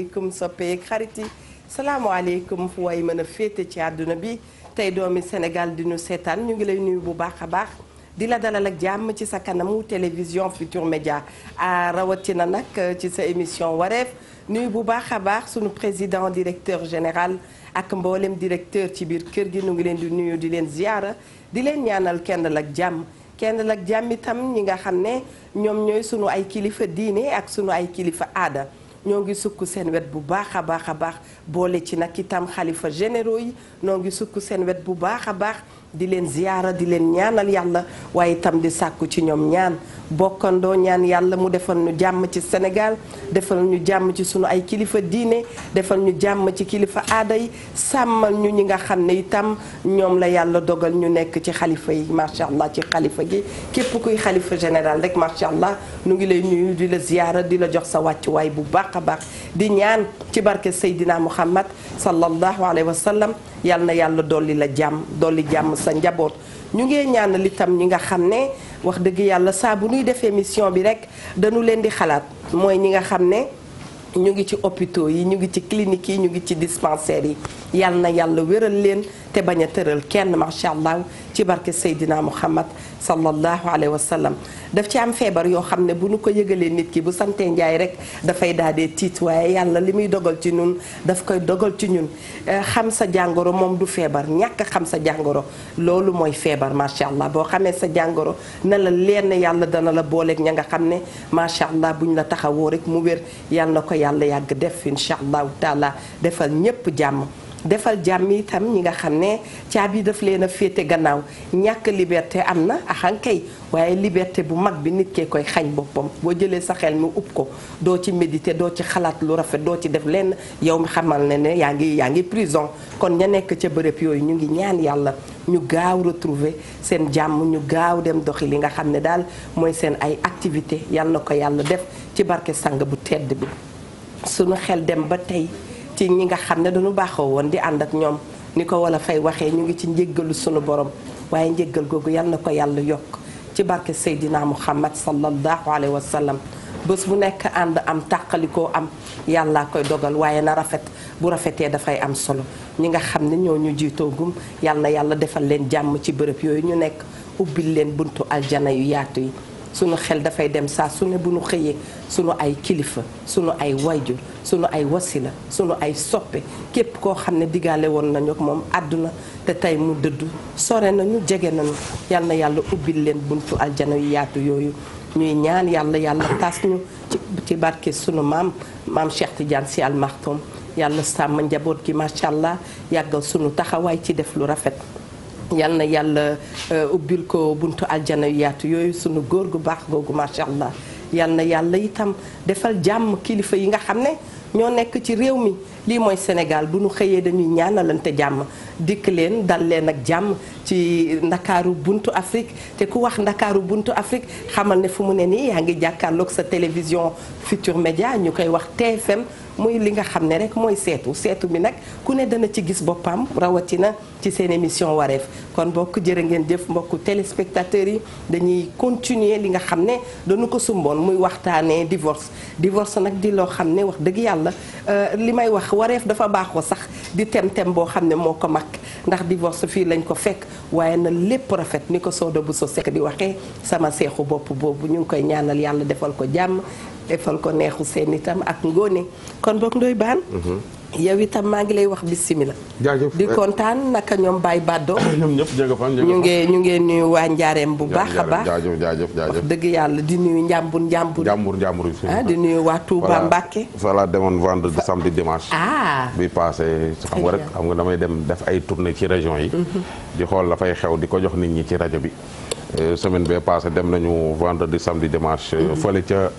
salaamaaleykum soppeek xarit yi salaamaaleykum fu way mën a féete ci àdduna bi tey doomi Sénégal di ñu seetaan ñu ngi lay nuyu bu baax a baax di la dalal ak jàmm ci sa kanam kanamu télévision Futur Média rawatina nag euh, ci sa émission wareef nuyu bu baax a baax sunu président directeur général ak mboolem directeur ci biir kër gi nu ngi leen di nuyu di leen ziyaara di leen ñaanal kenn la ak jàmm kenn la ak jàmm itam ñi nga xam ne ñoom ñooy sunu ay kilifa diine ak sunu ay kilifa aada ñoo ngi sukk seen wet bu baax a baax a baax boole ci nag itam xalifa généraux yi ñoo ngi sukk seen wet bu baax a baax di leen ziyaara di leen ñaanal yàlla waaye itam di sàkku ci ñoom ñaan bokkandoo ñaan yàlla mu defal ñu jàmm ci Sénégal defal ñu jàmm ci suñu ay kilifa diine defal ñu jàmm ci kilifa aada yi sàmmal ñu ñi nga xam ne itam ñoom la yàlla dogal ñu nekk ci xalifa yi macha allah ci xalifa gi képp kuy xalifa général rek macha allah nu ngi lay nuyu di la ziyaara di la jox sa wàccuwaay bu baax a baax di ñaan ci barke Seydina Muhammad sallallahu alayhi wa sallam yal na yàlla dolli la jàmm dolli jàmm sa njaboot. ñu ngee ñaanal itam ñi nga xam ne wax dëgg yàlla saa bu ñuy defee mission bi rek dañu leen di xalaat mooy ñi nga xam ne ñu ngi ci hôpitaux yi ñu ngi ci cliniques yi ñu ngi ci dispensaires yi yàlla na yàlla wéral leen te bañ a tëral kenn macha allah ci barke Seydina Muhammad sallallahu alayhi wa sallam daf ci am feebar yoo xam ne bu nu ko yëgalee nit ki bu santee njaay rek dafay daadee tiit waaye yàlla li muy dogal ci ñun daf koy dogal ci ñun eh, xam sa jàngoro moom du feebar ñàkk xam sa jàngoro loolu mooy feebar macha allah boo xamee sa jàngoro na la leer ne yàlla dana la booleek ña nga xam ne macha allah buñ la taxawoo rek mu wér yàlla na ko yàlla yàgg def incha allahu taala defal ñépp jàmm defal jàmm itam ñi nga xam ne caabi daf leen a féete gannaaw ñàkk liberté am na axankay waaye liberté bu mag bi nit kee koy xañ boppam boo jëlee sa xel mi ub ko doo ci médité doo ci xalaat lu rafet doo ci def lenn yow mi xamal na ne yaa ngi yaa ngi prison kon ña nekk ca bërëb yooyu ñu ngi ñaan yàlla ñu gaaw retrouver seen jàmm ñu gaaw dem doxi li nga xam ne daal mooy seen ay activité yal na ko yàlla def ci barke sang bu tedd bi sunu xel dem ba tey ci ñi nga xam ne dañu baaxoo woon di ànd ak ñoom ni ko wala fay waxee ñu ngi ci njéggalu sunu borom waaye njéggal googu yal na ko yàlla yokk ci barke Seydina Muhammad sallallahu alayhi wa sallam bés bu nekk ànd am tàqalikoo am yàllaa koy dogal waaye na rafet bu rafetee dafay am solo ñi nga xam ne ñoo ñu jiitoogum yal na yàlla defal leen jàmm ci bërëb yooyu ñu nekk ubbil leen buntu aljana yu yaatu yi sunu xel dafay dem saa su ne bu nu xëyee sunu ay kilifa sunu ay wayjur sunu ay wasila sunu ay soppe képp koo xam ne digaale woon nañu ak moom àdduna te tey mu dëddu sore nañu jege nañu yal na yàlla ubbil leen buntu aljana yu yaatu yooyu ñuy ñaan yàlla yàlla tas ñu ci barke sunu maam maam Cheikh Tidiane Sy Al yàlla sàmm njaboot gi macha allah yàggal sunu taxawaay ci def lu rafet yal na yàlla euh, ubbil ko buntu aljana yu yaatu yooyu sunu góor gu baax googu macha allah yal na yàlla itam defal jàmm kilifa yi nga xam ne ñoo nekk ci réew mi lii mooy Sénégal bu nu xëyee dañuy ñaanalante jàmm dikk leen dal leen ak jàmm ci ndakaaru buntu Afrique te ku wax ndakaaru buntu Afrique xamal ne fu mu ne nii yaa ngi jàkkaarloog sa télévision Futur Média ñu koy wax TFM muy li nga xam ne rek mooy seetu seetu bi nag ku ne dana ci gis boppam rawatina ci seen émission wareef kon bokk jërë ngeen jëf mbokku téléspectateurs yi dañuy continuer li nga xam ne dañu ko sumboon muy waxtaanee divorce divorce nag di loo xam ne wax dëgg yàlla euh, li may wax wareef dafa baaxoo sax di tem-tem boo xam ne moo ko mag ndax divorce fii lañ ko fekk waaye na lépp rafet ni ko sooda bu so sekk di waxee sama seexu bopp boobu ñu ngi koy ñaanal yàlla defal ko jàmm defal ko neexu seen itam ak ngóone kon boog ndoy baan mhm. yow itam maa ngi lay wax bisimilah. jaajëf di kontaan naka ñoom baay Baddo. ñoom ñëpp jëga fan ñu ngi ñu ngi nuyu waa Njaareem bu baax a baax. jaajëf jaajëf jaajëf dëgg yàlla di nuyu Njàmbur Njàmbur. Njàmbur Njàmbur yi ah di nuyu waa Touba Mbacke. voilà demoon vendredi samedi dimanche. ah bi passé xam nga rek xam nga damay dem def ay tournée ci région yi. Mhm. di xool la xew di ko jox nit ñi ci rajo bi. Euh, semaine bee passé dem nañu vendredi samedi dimanche. Mhm. fële ca.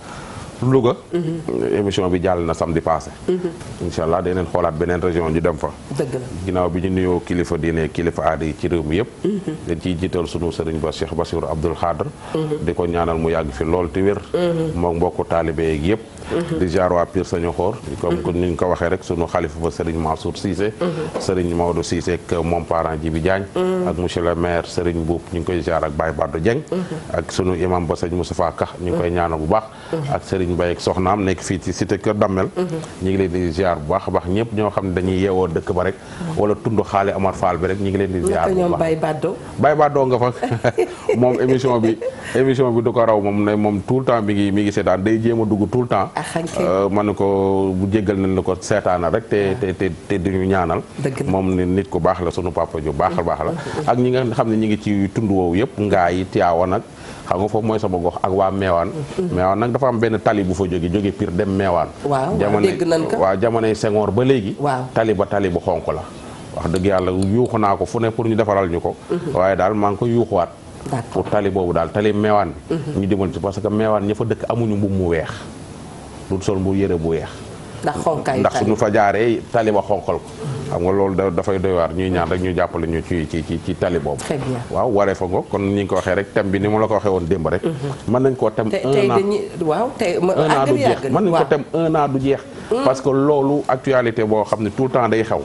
Louga. Mm-hmm. émission bi jàll na samedi passé. Mm-hmm. incha allah danañ xoolaat beneen région ñu dem fa. dëgg la bi ñu nuyoo kilifa diine kilifa aada ci réew mi yëpp. Mm-hmm. dañ ciy jiital sunu sëriñ ba Cheikh Bassirou Abdoul Khadr. di ko ñaanal mu yàgg fi lool te wér. moom mbokku taalibe yeeg yëpp. di jaar waa Pire Sañu Xoor. comme ni ñu ko waxee rek sunu xalifa ba sëriñ Mansour Cissé. sëriñ Maodo Cissé ak moom parent Jibi Diagne. ak monsieur le maire seriñ Mbuub ñu ngi koy jaar ak Baye Badou Dieng. ak sunu imam ba sëñ Moustapha Ka ñu ngi koy Serigne Mbaye mm-hmm. baax a baax ñëpp ñoo xam ne dañuy mm-hmm. bi rek moom émission bi du ko raw moom ne moom tout le temps mi ngi mi ngi a dugg ah, euh, ma ne ko bu la ko seetaana rek te ah. te te te duñu ñaanal moom ne nit ku baax la sunu papa ju baax a baax la mm-hmm. ak ñi nga xam ne ñi ngi ci tund woowu yëpp ngaa yi tiyaawa nag xam nga foofu mooy sama gox ak waa meewaan mhm. meewaan nag dafa am benn tali bu fa jóge jóge Pire dem meewaan jamono waaw jamonoy Senghor ba léegi tali ba tali bu xonq la wax dëgg yàlla yuuxu naa ko fu ne pour ñu defaral ñu ko mhm. waaye daal maa ngi ko yuuxuwaat pour tali boobu daal tali meewaan bi mhm. ñu dimbali si parce que meewaan ña fa dëkk amuñu mbubb mu weex du sol bu yëre bu weex ndax suñu fa jaaree tali ba xonkal ko xam nga loolu dafay doy waar ñuy ñaan rek ñuy jàppale ñu ci ci ci tali boobu waaw waree fa ngoog kon ni nga ko waxee rek thème bi ni mu la ko waxee woon démb rek mm-hmm. mën nañ koo tam un an waaw tey un an du jeex mën nañ du jeex parce que loolu actualité boo xam ne tout le temps day xew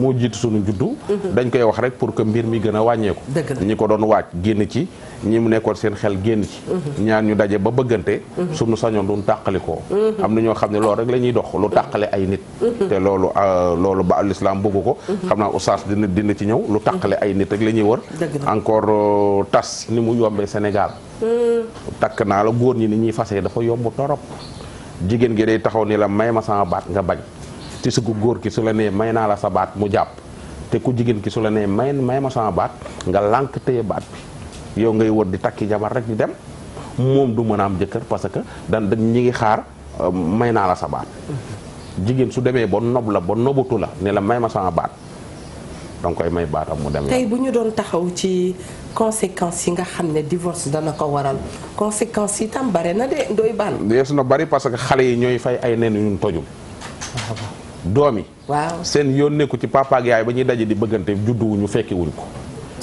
mu jiit suñu juddu dañ koy wax rek pour que mbir mi gën a wàññeeku ñi ko doon waaj génn ci ñi mu nekkoon seen xel génn ci ñaar ñu daje ba bëggante suñu sañoon duñ tàqalikoo am na ñoo xam ne loolu rek lañuy dox lu tàqale ay nit te loolu euh, loolu ba l'islam bëgg ko xam naa oustaz dina dina ci ñëw lu tàqale ay nit rek la ñuy wër encore euh, tas ni mu yombee Sénégal hmm. takk naa la góor ñi ni ñuy fasee dafa yomb torop jigéen gi day taxaw ni la may ma sama baat nga bañ te su góor ki su la nee may naa la sa baat mu jàpp te ku jigéen ki su la nee may may ma sama baat nga lànk téye baat bi yow ngay wër di takki jabar rek di dem moom du mën a am jëkkër parce que dan dañ ñi ngi xaar euh, may naa la sa baat jigéen su demee ba nob la ba nobatu la ne la may ma sama baat danga koy may baatam mu dem tey bu ñu doon taxaw ci conséquences yi nga xam ne divorce dana ko waral conséquences yi tam bare na de ndoy baan yeesu na bari parce que xale yi ñooy fay ay nen ñun tojul doom yi waaw seen yoon nekku ci papa yaay ba ñuy daje di bëggante judduwuñu fekkewuñu ko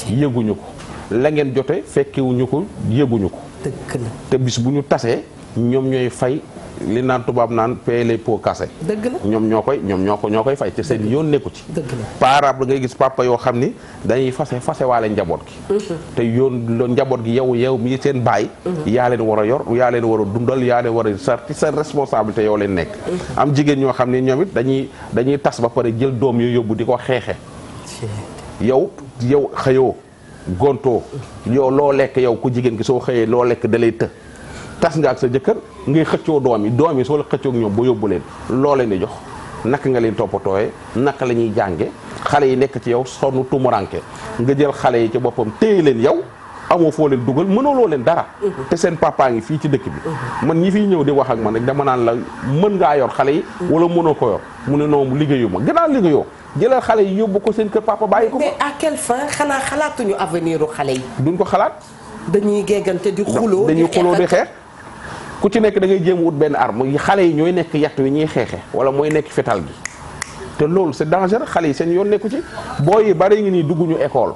yëguñu ko la ngeen jote fekkewuñu ko yëguñu ko dëgg bu ñu tasee ñoom ñooy fay li naan tubaab naan payer les pots cassés. dëgg ñoom ñoo koy ñoom ñoo ko ñoo koy fay seen yoon nekku ci. dëgg la parent ngay gis papa yoo xam ni dañuy fase fase waale njaboot gi. Mm-hmm. te yoon njaboot gi yow yow mi seen baay. Mm-hmm. yaa leen war a yor yaa leen war a dundal yaa leen war a sarti seen responsabilité yoo leen nekk. Mm-hmm. am jigéen ñoo xam ne ñoom it dañuy dañuy tas ba pare jël doom yooyu yóbbu di ko xeexee yow yow xëyoo gontoo yow loo lekk yow ku jigéen ki soo xëyee loo lekk da tas nga ak sa jëkkër ngay xëccoo doom yi doom yi soo la xëccoog ñoom ba yóbbu leen loo leen di jox naka nga leen toppatooyee naka la ñuy jànge xale yi nekk ci yow sonn tumuranke nga jël xale yi ci boppam téye leen yow amoo foo leen dugal mënaloo leen dara mhm. te seen papa ngi fii ci dëkk bi mhm. man ñi fi ñëw di wax ak man rek dama naan la mën ngaa yor xale yi mhm. wala mënoo ko yor mu ne noom liggéeyu ma gannaaw liggéeyoo jëlal xale yi yóbbu ko seen kër papa bàyyi ko mais à quelle fin xanaa u ko xalaat dañuy géggante ku ci nekk da ngay jéem wut benn arme xale yi ñooy nekk yett wi ñuy xeexe wala mooy nekk fetal gi te loolu c'est dangereux xale yi seen yoon nekku ci boo yi bari ngi nii dugguñu école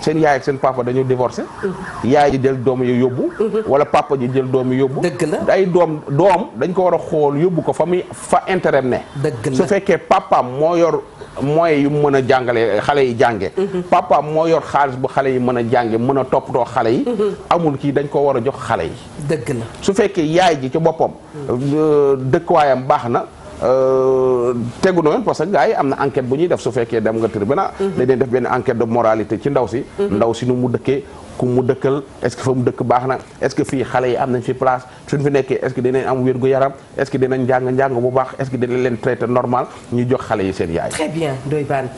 seen yaay ak seen papa dañoo divorcé mhm. yaay ji jël doom yi yóbbu mhm. wala papa ji jël doom yi yóbbu dëgg la ay doom doom dañ ko war a xool yóbbu ko fa muy fa intérêt ne dëgg la su fekkee papaam moo yor moyens yu mën a jàngale eh, xale yi jànge mm-hmm. papa moo yor xaalis bu xale yi mën a jànge mën a toppatoo xale yi mm-hmm. amul kii dañ koo war a jox xale yi dëgg na su fekkee yaay ji ci boppam mm-hmm. euh, dëkkuwaayam baax na euh, tegu na yoon parce que gars yi am na enquête bu ñuy def su fekkee dem nga tribunal dañ def benn enquête de moralité ci ndaw si ndaw si nu mu dëkkee ku mu dëkkal est-ce que fa mu dëkk baax na est-ce que fii xale yi am nañ fi place suñ fi nekkee est-ce que dinañ am wér-gu-yaram est-ce que dinañ njàng ñu jox xale yi seen yaay. très bien Ndoye Bane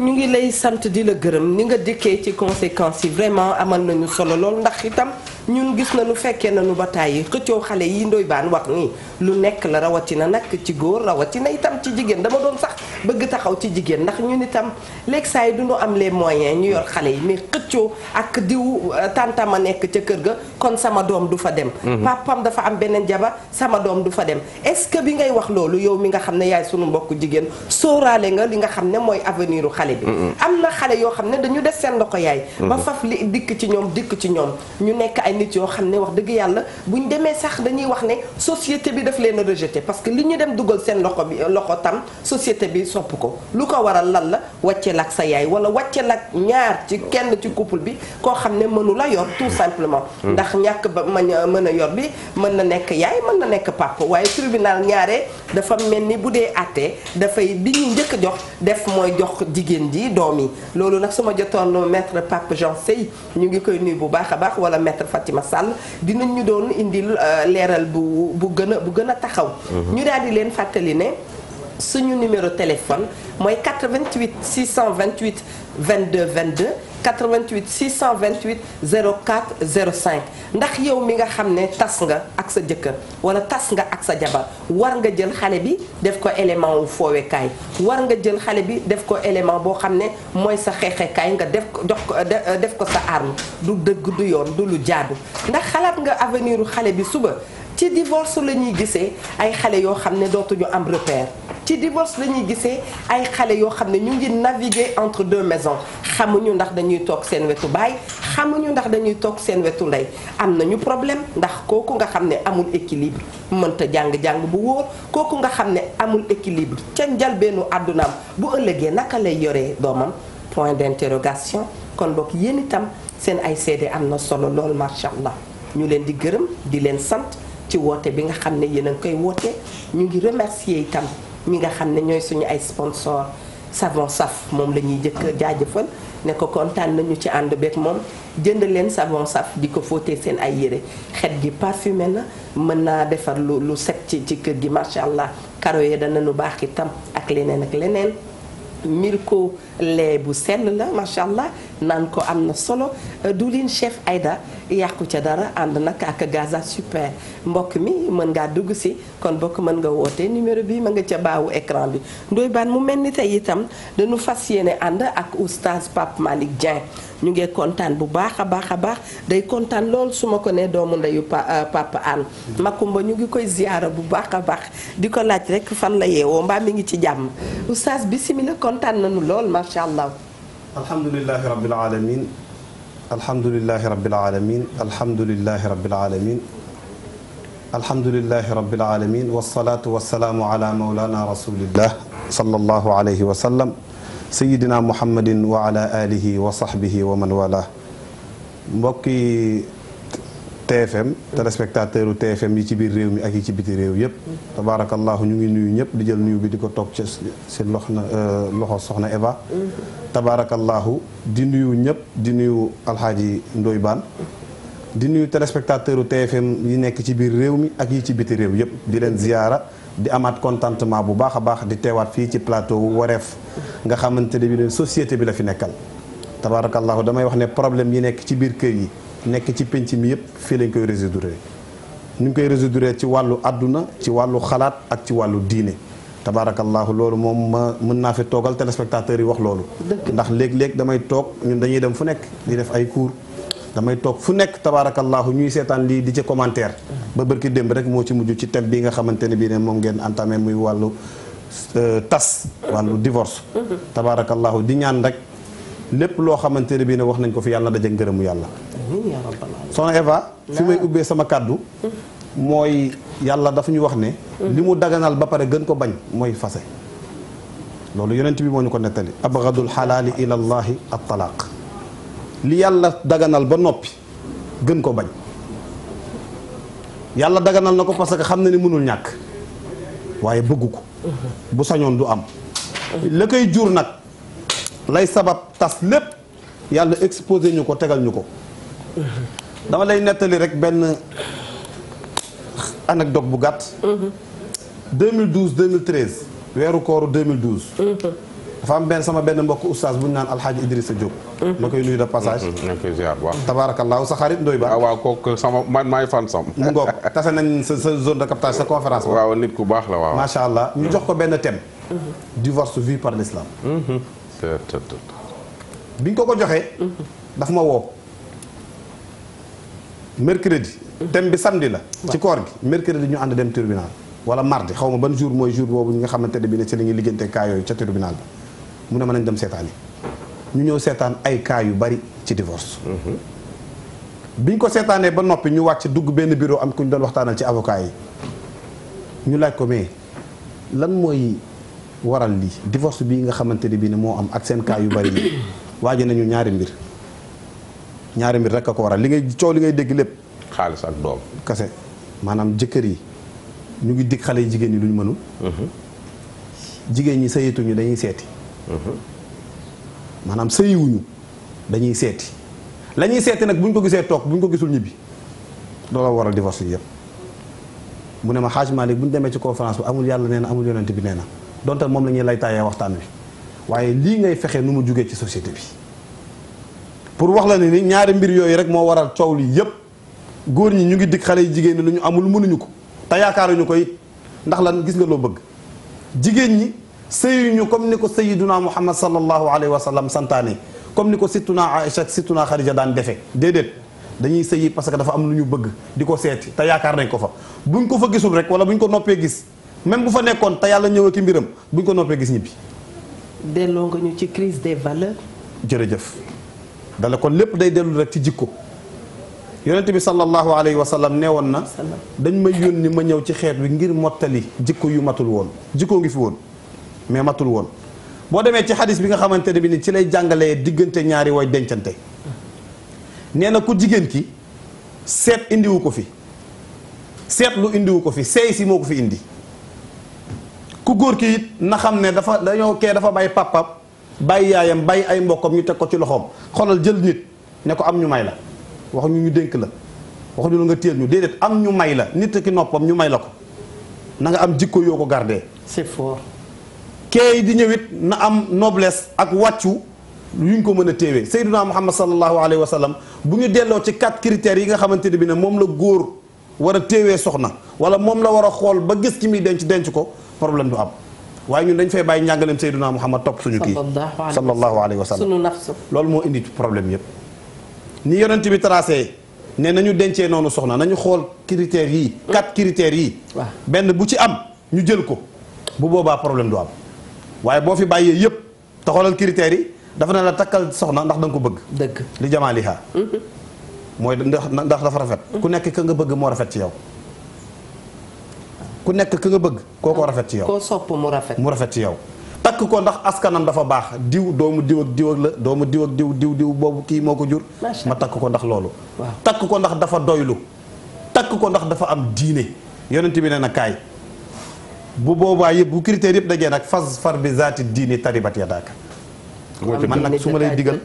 ñu ngi lay sant di la gërëm ni nga dikkee ci conséquences yi vraiment amal nañu solo lool ndax itam ñun gis nañu fekkee nañu ba tàyyi xëccoo xale yi Ndoye wax nii lu nekk la nag ci góor rawatina itam ci jigéen dama doon sax bëgg taxaw ci jigéen ndax ñun itam léegi saa yi duñu am les moyens ñu yor xale yi mais xëccoo ak ak diw euh, tantama nekk ca kër ga kon sama doom du fa dem mhm. papam dafa am beneen jabar sama doom du fa dem est-ce que bi ngay wax loolu yow mi nga xam ne yaay sunu mbokk jigéen sóoraale nga li nga xam ne mooy aveniru xale bi mhm. am na xale yoo xam ne dañu des seen loxo yaay ba mhm. faf li dikk ci ñoom dikk ci ñoom ñu nekk ay nit yoo xam ne wax dëgg yàlla buñ demee sax dañuy wax ne société bi daf leen a parce que li ñu dem dugal seen loxo bi loxo tam société bi sopp ko waccee ak sa yaay wala wàcceel ak ñaar ci kenn ci couple bi koo xam ne mënula la yor tout simplement. Hmm. ndax ñàkk ba ma mën a yor bi mën na nekk yaay mën na nekk papa waaye tribunal ñaare dafa mel ni bu dee àttee dafay bi ñu njëkk a jox def mooy jox jigéen ji doom yi. loolu nag su ma jotoon maître Pape Jean Sey ñu ngi koy nuyu bu baax a baax wala maître Fatima Sall dinañ ñu doon indil euh, leeral bu bu gën a bu gën a taxaw. Hmm. ñu daal leen fàttali ne. suñu numéro téléphone mooy 88 628 22 22 88 628 04 05 ndax yow mi nga xam ne tas nga ak sa jëkkër wala tas nga ak sa jabar war nga jël xale bi def ko élément wu foowekaay war nga jël xale bi def ko élément boo xam ne mooy sa xeexeekaay nga def ko jox ko def ko sa arme du dëgg du yoon du lu jaadu ndax xalaat nga avenir xale bi suba ci divorce la ñuy gisee ay xale yoo xam ne dootuñu am repère ci divorce la ñuy gisee ay xale yoo xam ne ñu ngi naviguer entre deux maisons xamuñu ndax dañuy toog seen wetu baay xamuñu ndax dañuy toog seen wetu ndey am na ñu problème ndax kooku nga xam ne amul équilibre mënta jàng-jàng bu wóor kooku nga xam ne amul équilibre ca njalbeenu àddunaam bu ëllëgee naka lay yoree doomam point d'interrogation kon boog yéen itam seen ay seede am na solo lool macha allah ñu leen di gërëm di leen sant ci woote bi nga xam ne yéen a ngi koy woote ñu ngi remercier itam ñi nga xam ne ñooy suñu ay sponsor savon saf moom la ñuy jëkk jaajëfal ne ko kontaan nañu ci ànd beeg moom jënd leen savon saf di ko fóotee seen ay yére xet gi parfumé na mën naa defar lu lu set ci ci kër gi macha allah karo yi dana baax itam ak leneen ak leneen. Mirko lait bu sell la macha allah naan ko am na solo euh, diwlin chef ayda yàqu ca dara ànd nag ak Gaza super mbokk mi mën ngaa dugg si kon bokk mën nga woote numéro bi ma nga ca baawu écran bi ndoy baan mu mel ni tey itam dañu fas yéene ànd ak oustaz Pape Malick Dieng ñu ngi kontaan bu baax a baax a baax day kontaan lool su ma ko nee doomu ndeyu euh, Papa Anne Makumba ñu ngi koy ziyaara bu baax a baax di ko laaj rek fan la yeewoo mbaa mi ngi ci jàmm oustaz bisimilah kontaan nañu lool macha allah. alhamdulilahi rabbil alamin alhamdulilahi rabbil alamin alhamdulilahi rabbil alamin alhamdulilahi rabbil alamin wasalaatu wasalaamu ala mawlana rasulillah sallallahu alayhi wa sallam sayidina muhammadin wa ala alihi wa sahbihi wa man wala mbokki TFM téléspectateur u TFM yi ci biir réew mi ak yi ci biti réew yëpp tabaarakallaahu ñu ngi nuyu ñëpp di jël nuyu bi di ko toog ci si loxna euh, loxo soxna Eva tabaarakallaahu di nuyu ñëpp di nuyu alxaaji Ndoy Baan di nuyu téléspectateur u TFM yi nekk ci biir réew mi ak yi ci biti réew yëpp di leen ziyaara di amaat contentement bu baax a baax di teewaat fii ci plateau wareef nga xamante ne société bi la fi nekkal tabaarakallaahu damay wax ne problème yi nekk ci biir kër yi nekk ci penc mi yëpp fii lañ koy résoudre ñu ngi koy résoudre ci wàllu àdduna ci wàllu xalaat ak ci wàllu diine tabaarakallaahu loolu moom ma mën naa fi toogal téléspectateurs yi wax loolu ndax léeg-léeg damay toog ñun dañuy dem fu nekk di def ay cours damay toog fu nekk tabaarakallaahu ñuy seetaan lii di ci commentaire ba bërki démb rek moo ci mujj ci thème bi nga xamante ne bii ne moom ngeen entamé muy wàllu euh, tas wàllu divorce mm-hmm. tabaarakallaahu di ñaan rek lépp loo xamante ne bii ne wax nañ ko fi yàlla na daje ngërëmu yàlla amiin yaa rabbal aalamiin Eva fi may ubbee sama kàddu mooy yàlla dafa ñu wax ne mm-hmm. li mu daganal ba pare gën ko bañ mooy fase loolu yonent bi moo ñu ko nettali abgadul xalaali ila llaahi at-talaaq li yàlla daganal ba noppi gën ko bañ yàlla daganal na ko parce que xam na ni mënul ñàkk waaye bëgg ko mm-hmm. bu sañoon du am la koy jur nag lay sabab tas lépp yàlla exposé ñu ko tegal ñu ko dama lay nettali rek benn anecdote bu gàtt. 2012 2013 weeru kooru 2012. dafa am benn sama benn mbokk oustaz bu ñu naan alxaaji Idrissa Diop. ma koy nuyu de passage. ma mm-hmm. mm-hmm. koy ziar bu baax. tabaarakallaahu sa xarit Ndoye Ba. Ah, waaw kooku sama man maay fan sam. mu ngoog tase nañ sa sa zone de captage sa conférence. waaw nit ku baax la waaw. macha allah ñu mm-hmm. jox ko benn thème. divorce vu par l'islam. bi ñu ko ko joxee. daf ma woo. mercredi dem bi samedi la ci koor gi mercredi ñu ànd dem tribunal wala mardi xaw ma ban jour mooy jour boobu ñi nga xamante ne bi ne ci la ñuy liggéeyante cas yooyu ca tribunal bi mu ne ma nañ dem seetaan yi ñu ñëw seetaan ay cas yu bari ci divorce mhm. biñ ko seetaanee ba noppi ñu wàcc dugg benn bureau am ku ñu doon waxtaanal ci avocat yi ñu laaj ko mais lan mooy waral lii divorce bii nga xamante ne bi ne moo am ak seen cas yu bari yi waaje nañu ñaari mbir ñaari mbir rek a ko waral li ngay coow li ngay dégg lépp. xaalis ak doom kase maanaam jëkkër yi ñu ngi dig xale jigéen ñi lu ñu mënul. Mhm. jigéen ñi sëyituñu dañuy seeti. Mhm. maanaam sëyiwuñu dañuy seeti lañuy ñuy seeti nag bu ñu ko gisee toog bu ñu ko gisul ñibbi looloo waral divorce yi yëpp. mu ne ma xaaj Malick bu ñu demee ci conférence bi amul yàlla nee na amul yonent bi nee na donte moom la ñuy lay taayee waxtaan wi waaye lii ngay fexe nu mu jugee ci société bi. pour wax la ne ni ñaari mbir yooyu rek moo waral coow li yëpp góor ñi ñu ngi dig xale yi jigéen ñi lu ñu amul mënuñu ko te yaakaar ñu ko it ndax lan gis nga loo bëgg jigéen ñi sëyuñu comme ni ko sayiduna muhammad sallallahu alayhi wa sallam santaane comme ni ko sittuna Aïcha ak sittuna Xadija daan defee déedéet dañuy sëyi parce que dafa am lu ñu bëgg di ko seeti te yaakaar nañ ko fa buñ ko fa gisul rek wala ñu ko noppee gis même bu fa nekkoon te yàlla ñëwee ki mbiram buñ ko noppee gis ñibbi. delloo nga ñu ci crise des valeurs. jërëjëf. dala kon lépp day dellu rek ci jikko yonente bi sallallahu alayhi wa sallam nee woon na dañ may yónni ma ñëw ci xeet wi ngir mottali jikko yu matul woon jikko ngi fi woon mais matul woon boo demee ci xadis bi nga xamante ne bi ni ci lay jàngalee diggante ñaari way dencante nee na ku jigéen ki seet indiwu ko fi seet lu indiwu ko fi seey si moo ko fi indi ku góor ki it na xam ne dafa dañoo kee dafa bàyyi pàppam bàyyi yaayam bàyyi ay mbokkam ñu teg ko ci loxoom xoolal jël nit ne ko am ñu may la wax ñu ñu dénk la wax ñu la nga teel ñu déedéet am ñu may la nit ki noppam ñu may la ko na nga am jikko yoo ko gardé. c'est fort. di ñëwit na am noblesse ak wàccu yuñ ko mën a téewee Seydina Muhammad sallallahu alayhi wa sallam bu ñu delloo ci quatre critères yi nga xamante ne bi ne moom la góor war a téewee soxna wala moom la war a xool ba gis ki muy denc denc ko problème du am. waaye ñun dañ fay bàyyi njàngaleem Seydina Muhammad topp suñu kii sallallahu alayhi wa sallam suñu nafsu loolu moo indi problème yëpp ni yonent bi tracé ne nañu dencee noonu soxna nañu xool critères yi quatre critères yi benn bu ci am ñu jël ko bu boobaa problème du am waaye boo fi bàyyee yëpp te xoolal critères yi dafa ne la takkal soxna ndax danga ko bëgg dëgg jamaa jamaaliha mhm. mooy ndax dafa rafet mhm. ku nekk ka nga bëgg moo rafet ci yow ku nekk ki nga bëgg koo ko rafet ci yow koo mu rafet mu rafet ci yow takk ko ndax askanam dafa baax diw doomu diw ak diw ak la doomu diw ak diw diw diw boobu kii moo ko jur ma takk ko ndax loolu takk ko ndax dafa doylu takk ko ndax dafa am diine yonent bi nee na bu boobaay yëpp bu critère yëpp dajee nag fas far bi zaati diine taribat ya daaka man nag su ma lay digal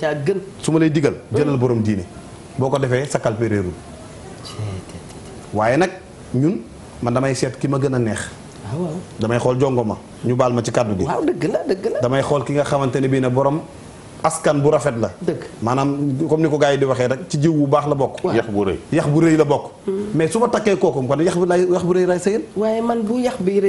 su ma lay digal jëlal borom diine boo ko defee sa kalpe waaye nag man damay seet ki ma gën a neex. Ah, damay xool jongo ñu baal ma ci kàddu gi. waaw dëgg la damay xool ki nga xamante ne bii ne borom askan bu rafet la. dëgg maanaam comme ni ko gars yi di waxee rek ci jiw bu baax la bokk. yax bu rëy yax bu rëy la bokk. Hmm. mais takkee kooku kon yax bu lay yax bu rëy laay sëyal. waaye man bu yax bi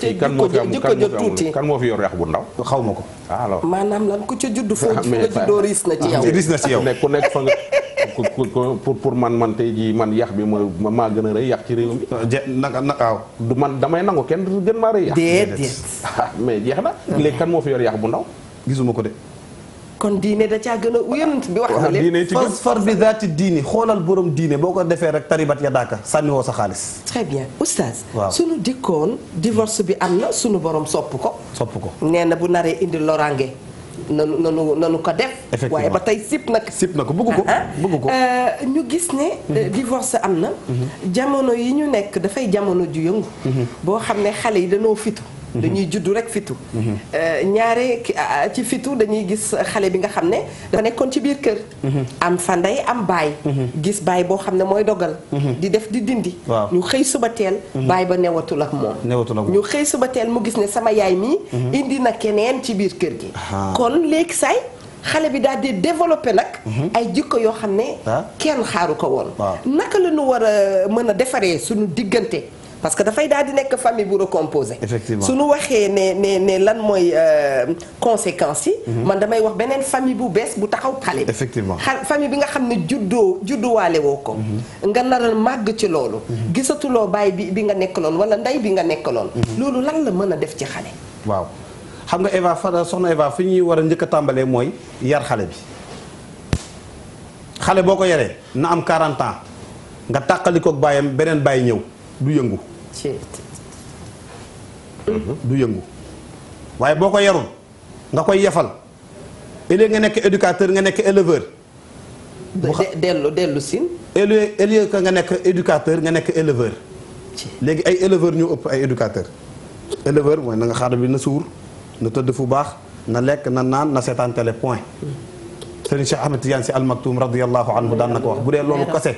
jikko jikko tuuti kan moo fi yor yax bu ndaw. xaw ma ko alors. maanaam lan ku ca judd foofu. ah mais riis na ci yow riis na ci yow. pour pour man man tey jii man yax bi ma maa gën a rëy yax ci réew mi. Euh, naka du man damay nangu kenn gën maa rëy yax. Ah, mais yeex na. Ah. léegi kan moo fi yor yax bu ndaw. gisuma ko de. kon diine da caa gën a yonent bi wax na leen far bi daati diine xoolal borom diine boo ko defee rek taribat ya daaka sànniwoo sa xaalis. très bien oustaz. waaw sunu dikkoon divorce bi am na sunu boroom sopp ko. sopp ko nee na bu naree indi loraange. nanu nanu nanu ko def. waaye ba tey sip nag ko. sip na ko bëgg ko ah, ah. Euh, ñu gis ne. Euh, mhm. divorce am na. Mhm. jamono yi ñu nekk dafay jamono ju yëngu. Mhm. boo xam ne xale yi danoo fitu. dañuy juddu rek fitu euh, ñaare ci fitu dañuy gis xale bi nga xam ne dafa nekkoon ci biir kër am fa ndey am baay gis baay boo xam ne mooy dogal di def di dindi ñu xëy suba teel bàyyi ba newatul ak moom ñu xëy suba teel mu gis ne sama yaay mii indi na keneen ci biir kër gi kon léegi saay xale bi daal di développé nag mhm. ay jikko yoo xam ne ah. kenn xaaru ko woon naka lañu war a mën a defaree suñu diggante parce que dafay daal di nekk famille bu recomposée. effectivement su nu waxee ne ne ne lan mooy euh, conséquences yi. Mhm. man damay wax beneen famille bu bees bu taxaw xale. effectivement famille bi nga xam ne juddoo judduwaale woo ko. Mhm. nga naral màgg ci loolu. Mhm. gisatuloo baay bi bi nga nekkaloon wala ndey bi nga nekkaloon. loolu lan la mën a def ci xale. waaw xam nga Eva soxna Eva fi ñuy war a njëkk tàmbalee mooy yar xale bi. xale boo ko yaree na am 40 ans nga tàqali koog baayam beneen baay ñëw du yëngu. ci mm-hmm. du yëngu waaye boo ko yarul nga koy yefal élieu nga nekk éducateur nga nekk éleveur dellu dellu sin élieu nga nekk éducateur nga nekk éleveur léegi ay éleveur ñoo ëpp ay éducateur éleveur mooy nanga nga xaar bi na suur na tëdd fu baax na lekk na naan na seetaan télé point Serigne Cheikh Ahmed Tidiane Sy Al Maktoum radiyallahu anhu daan na ko wax bu dee loolu kase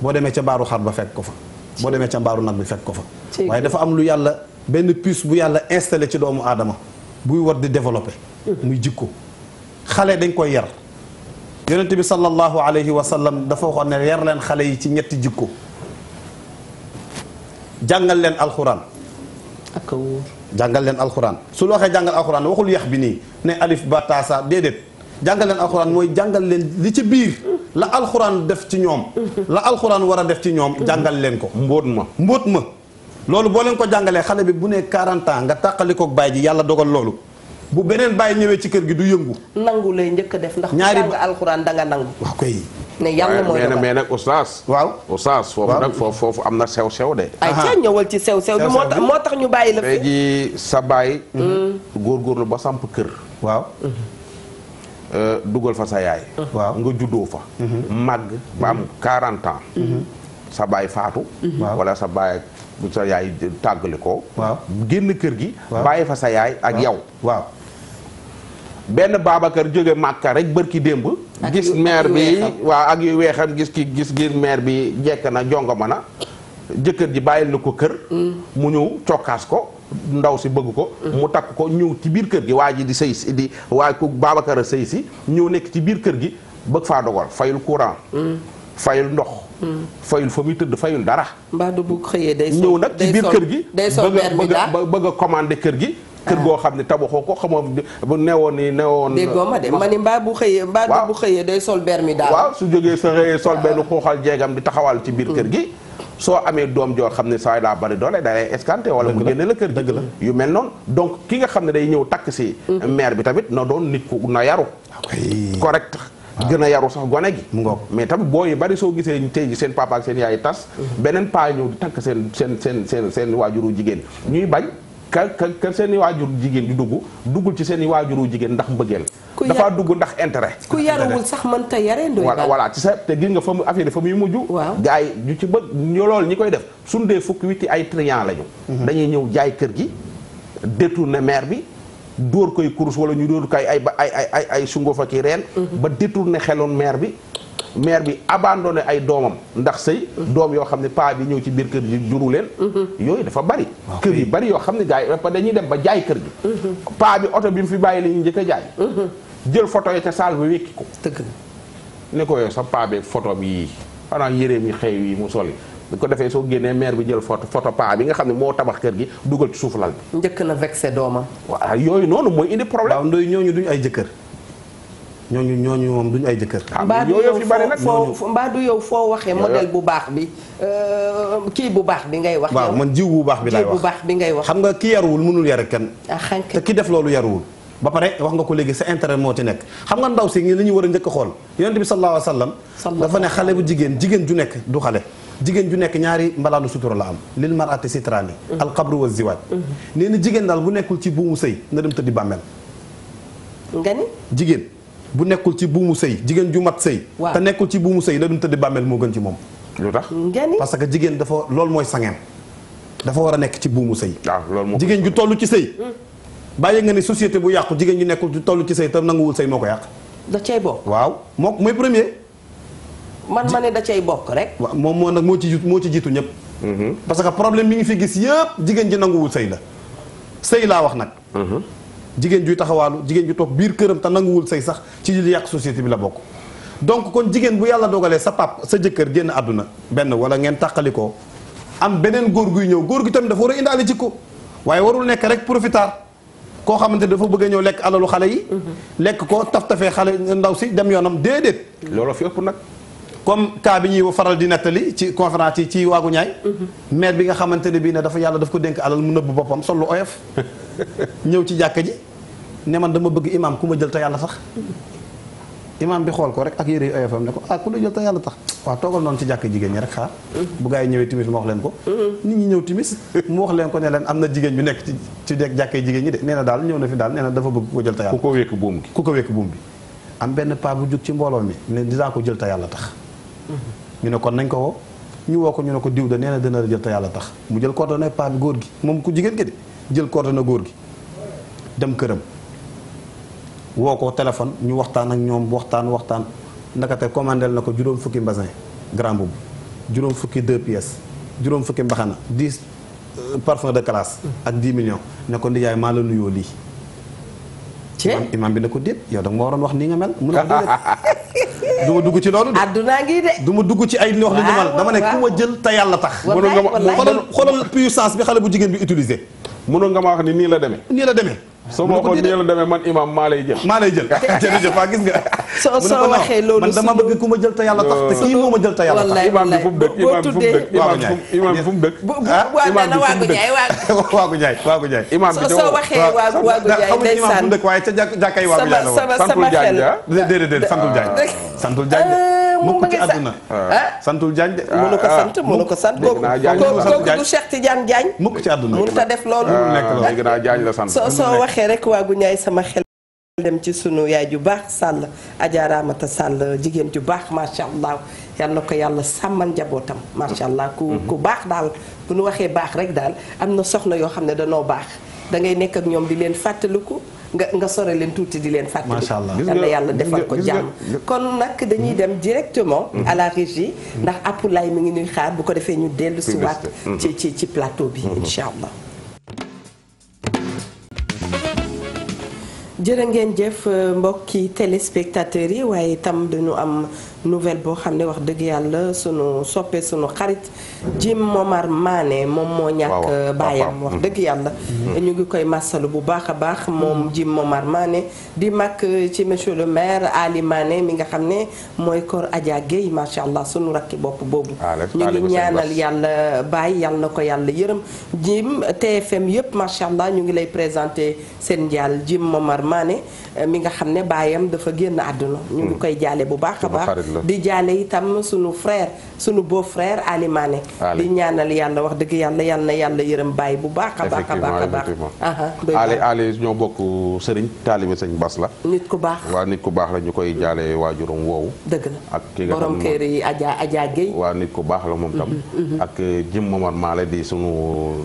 boo demee ca baaru xar ba fekk ko fa boo demee ca mbaaru nag bi fekk ko fa waaye dafa am lu yàlla benn puce bu yàlla installé ci doomu aadama buy war di développé hmm. muy jikko xale dañ koy yar yonent bi sallallahu alayhi wa sallam dafa waxoon ne yar leen xale yi ci ñetti jikko jàngal leen alxuraan ak jàngal leen alxuraan su loo waxee jàngal alxuraan waxul yax bi nii ne alif ba taasa déedéet jàngal leen alxuraan mooy jàngal leen li ci biir la alxuraan def ci ñoom. la alxuraan war a def ci ñoom. jàngal leen ko mbóot ma mbóot ma. loolu boo leen ko jàngalee xale bi bu nee 40 ans nga tàqali koog baay ji yàlla dogal loolu. bu beneen baay ñëwee ci kër gi du yëngu. nangu lay njëkk def ndax. ñaari jàng alxuraan da nga nangu. wax koy ne yàlla mooy dogal mais nag oustaz. waaw foofu am na sew sew de. ay ca ñëwal ci sew sew bi moo tax tax ñu bàyyi la fi. léegi sa baay. Mm. góorlu ba samp kër. waaw Euh, dugal fa sa yaay. waaw nga juddoo fa. Mhm. màgg ba am 40 mhm. ans. Mhm. sa baay faatu. wala sa baay sa yaay tàggale génn kër gi. bàyyi fa sa yaay ak yow. waaw benn Babacar jóge Màkka rek bërki démb. gis maire bi waaw ak yu weexam gis ki gis ngir maire bi jekk na jongo ma na jëkkër ji bàyyil na ko kër. Mm. mu ñëw cokkaas ko. ndaw si bëgg ko mm-hmm. mu takk ko ñëw ci biir kër gi waa ji di sëy si di waaye ku Babacar a sëy si ñëw nekk ci biir kër gi bëgg faa dogal fayul courant mm-hmm. fayul ndox mm-hmm. fayul fa muy tëdd fayul dara mbaa du bu xëyee day ñëw nag ci biir kër gi bëgg a bëgg a commandé kër gi kër goo ah. xam ne tabaxoo ko xamoo bu newoon ni newoon. déggoo ma de ma ni mbaa bu xëyee. mbaa bu xëyee day sol ber mi daal. waaw su jógee sa xëyee sol ah. benn xuuxal jeegam di taxawal ci biir kër mm. gi. soo amee doom joo xam ne saa yi daa bari doole da lay escanté wala mu génne la kër dëgg la yu mel noonu donc ki nga xam ne day ñëw takk si mm. maire bi tamit na doon nit ku na yaru correct gën a yaru sax gone gi mu ngoog mais tamit boo yu bari soo gisee tey seen papa ak seen yaay tas mm. beneen paa ñëw di takk seen seen seen seen seen waajuru jigéen ñuy bañ ka ka seen i waajur jigéen di dugg duggul ci seen i waajuru jigéen ndax mbëggeel dafaa dugg ndax intérêt ku yarawul sax mën ta yare ndoy voilà ci sa te gis nga fa mu affaire fa muy mujj gars yi ñu ci bëgg lool ñi koy def sundee fukki witti ay triant lañu mhm. dañuy ñëw jaay kër gi détourné maire bi dóor koy course wala ñu dóor koy ay ay ay ay ay sungo fa ki reen mhm. ba ne xeloon maire bi maire bi abandonné ay doomam ndax sëy doom yoo xam ne paa bi ñëw ci biir kër ji juru leen yooyu dafa bari ah, kër yi bari yoo xam ne gars yi dañuy dem ba jaay kër gi mhm. paa bi oto bi mu fi bàyyi la ñuy a jaay mhm. jël photo ya ca saal bi wékki ko ne ko yow sa paa beeg photo bi yii xanaa yéreem yi xew yi mu soli bu ko defee soo génnee maire bi jël photo photo paa bi nga xam ne moo tabax kër gi dugal ci suuf lal bi njëkk na vexé doomam waa yooyu noonu mooy indi problèm waaw ndoy ñooñu duñu ay jëkkër ñooñu ñooñu moom duñu ay jëkkër. Ah, mbaa du yow foo mbaa du yow foo waxee modèle bu baax bi euh, kii bu baax bi ngay wax. waaw man jiw bu baax bi laay wax baax bi ngay wax. xam nga ki yaruwul mënul yar kenn. Ah, te ki def loolu yaruwul. ba pare wax nga ko léegi sa intérêt moo ci nekk xam nga ndaw si li ñuy war a njëkk a xool yonent bi sallallahu alayhi wasallam dafa ne xale bu jigéen jigéen ju nekk du xale jigéen ju nekk ñaari mbalaanu sutura la am lil mar'ati sitraani mhm. al qabru wa ziwaaj mhm. nee na jigéen daal bu nekkul ci buumu sëy na dem tëddi bàmmeel nga jigéen bu nekkul ci buumu sëy jigéen ju mat sëy te nekkul ci buumu sëy na dum tëdd bàmmeel moo gën ci moom lu tax parce que jigéen dafa lool mooy sangeem dafa war a nekk ci buumu sëy ah, jigéen ju toll ci sëy hmm. bàyyi nga ni société bu yàqu jigéen ñu nekkul ju toll ci sëy te nanguwul sëy moo ko yàq da cay bokk waaw mook mooy premier man ma ne da cay bokk rek waaw moom moo nag moo ci moo ci jiitu ñëpp mm-hmm. parce que problème mi ngi fi gis yëpp jigéen ji nanguwul sëy la sëy laa wax nag mm-hmm. jigéen juy taxawaalu jigéen ju toog biir këram te nanguwul sëy sax ci li yàq société bi la bokk donc kon jigéen bu yàlla dogalee sa pap sa jëkkër génn àdduna benn wala ngeen tàqalikoo am beneen góor guy ñëw góor gi tamit dafa war a indaale ci ko waaye warul nekk rek profitard koo xamante dafa bëgg a ñëw lekk alalu xale yi lekk ko taf tafee xale ndaw si dem yoonam déedéet looloo fi ëpp nag comme cas bi ñuy faral di nettali ci conférence ci waagu ñaay mhm. maire bi nga xamante ne bii ne dafa yàlla daf ko dénk alal mu nëbb boppam sollu ñëw ci jàkka ji ne man dama bëgg imaam ku ma jël te yàlla tax imaam bi xool ko rek ak yére yu oyofam ne ko ah ku yàlla tax waaw toogal noonu ci jàkk jigéen ñi rek xaar bu gaa leen ko nit ñi ñëw timis mu leen ko ne leen am na jigéen bi nekk ci ci deg jàkkee jigéen ñi de na daal ñëw na fi daal nee na dafa bëgg ku ko jël te yàlla ku ko wékk buum bi bi am benn paa bu jug ci mbooloo mi ne ko jël te yàlla tax ñu ne kon nañ ko woo ñu woo ko ñu ne ko diw de nee na dina la jël te yàlla tax mu jël koo coordonné paa bi góor gi moom ku jigéen gi de jël coordonné góor gi dem këram woo ko téléphone ñu waxtaan ak ñoom waxtaan waxtaan ndakate commandel na ko juróom fukki mbasin grand boobu juróom fukki deux pièces juróom fukki mbaxana dix euh, parfum de classe ak dix millions ne ko ndijaay maa la nuyoo lii imam bi ne ko déet yow da nga ma wax nii nga mel mu ne ko déet du ma dugg ci loolu de adduna ngi de du dugg ci ay wax ni ñu mel dama ne ku ma jël te yàlla tax xoolal puissance bi xale bu jigéen bi utiliser mënoon nga ma wax ni nii la demee. nii la demee. soo ma waxoon nii la demee man imam maa lay jël. maa lay jël jërëjëf waa gis nga. soo soo waxee loolu man dama bëgg ku ma jël te yàlla tax te kii moo ma jël te yàlla tax. imam bi fu mu dëkk imam ah? bi fu mu dëkk imam bi fu mu dëkk. bu bu waaw na waagu Njaay waagu Njaay waagu Njaay. imam bi soo waxee waagu waagu Njaay day sànn. xamuñu imam bu dëkk waaye ca jàkkaay waagu Njaay la woon. santul Jaañ ja ah? déedéet santul Jaañ santul Jaañ mu ngi sant ah. eh? santul Diagne de. Ah, mënu ko ah, ko sant. dégg naa Diagne la sant kooku kooku du Cheikh Tidiane Diagne. mukk a def loolu. dégg naa Diagne soo soo waxee rek waa gu ñaay sama xel. dem ci sunu yaay ju baax sàll ajaaraamata sàll jigéen ju baax macha allah yal na ko yàlla sàmmal njabootam macha allah ku mhm. ku baax daal bu nu waxee baax rek daal am na soxna yoo xam ne danoo baax da ngay nekk ñoom di leen fàttaliku nga nga sore leen tuuti di leen fàttali. macha allah gis nga yàlla defal ko jàmm. kon nag dañuy mm-hmm. dem directement. Mm-hmm. à la régie ndax Apulaay mi ngi ñuy xaar bu ko defee ñu dellu si waat. Mm-hmm. ci ci ci plateau bi incha allah. jërë ngeen jëf mbokki téléspectateurs yi waaye itam dañu am. nouvelle boo xam ne wax dëgg yàlla sunu soppe sunu xarit Jim Momar maane moom moo ñàkk baayam wax dëgg yàlla mm-hmm. ñu ngi koy màssalu bu baax a baax moom mm-hmm. Jim Momar maane di mag ci monsieur le maire Ali Mané mi nga xam ne mooy kor Adja Guèye macha allah sunu rakki bopp boobu ñu ngi ñaanal yàlla baay yàlla na ko yàlla yërëm Jim TFM yëpp macha allah ñu ngi lay présenté seen njaal Jim Momar Mané mi nga xam ne baayam dafa génn àdduna ñu ngi hmm. koy jaale bu baax a baax di jaale itam suñu frère sunu beau frère Ali Mané di ñaanal yàlla wax dëgg yàlla yàlla na yàlla yërëm bàyyi bu baax a baax a baax ñoo bokk sëriñ taalibe sëñ Bas la nit ku baax waaw nit ku baax la ñu koy jaale waajuram woowu dëgg ak ki nga borom kër yi Adja ku baax la moom tam mm-hmm, mm-hmm. ak Jim Momar Maale di sunu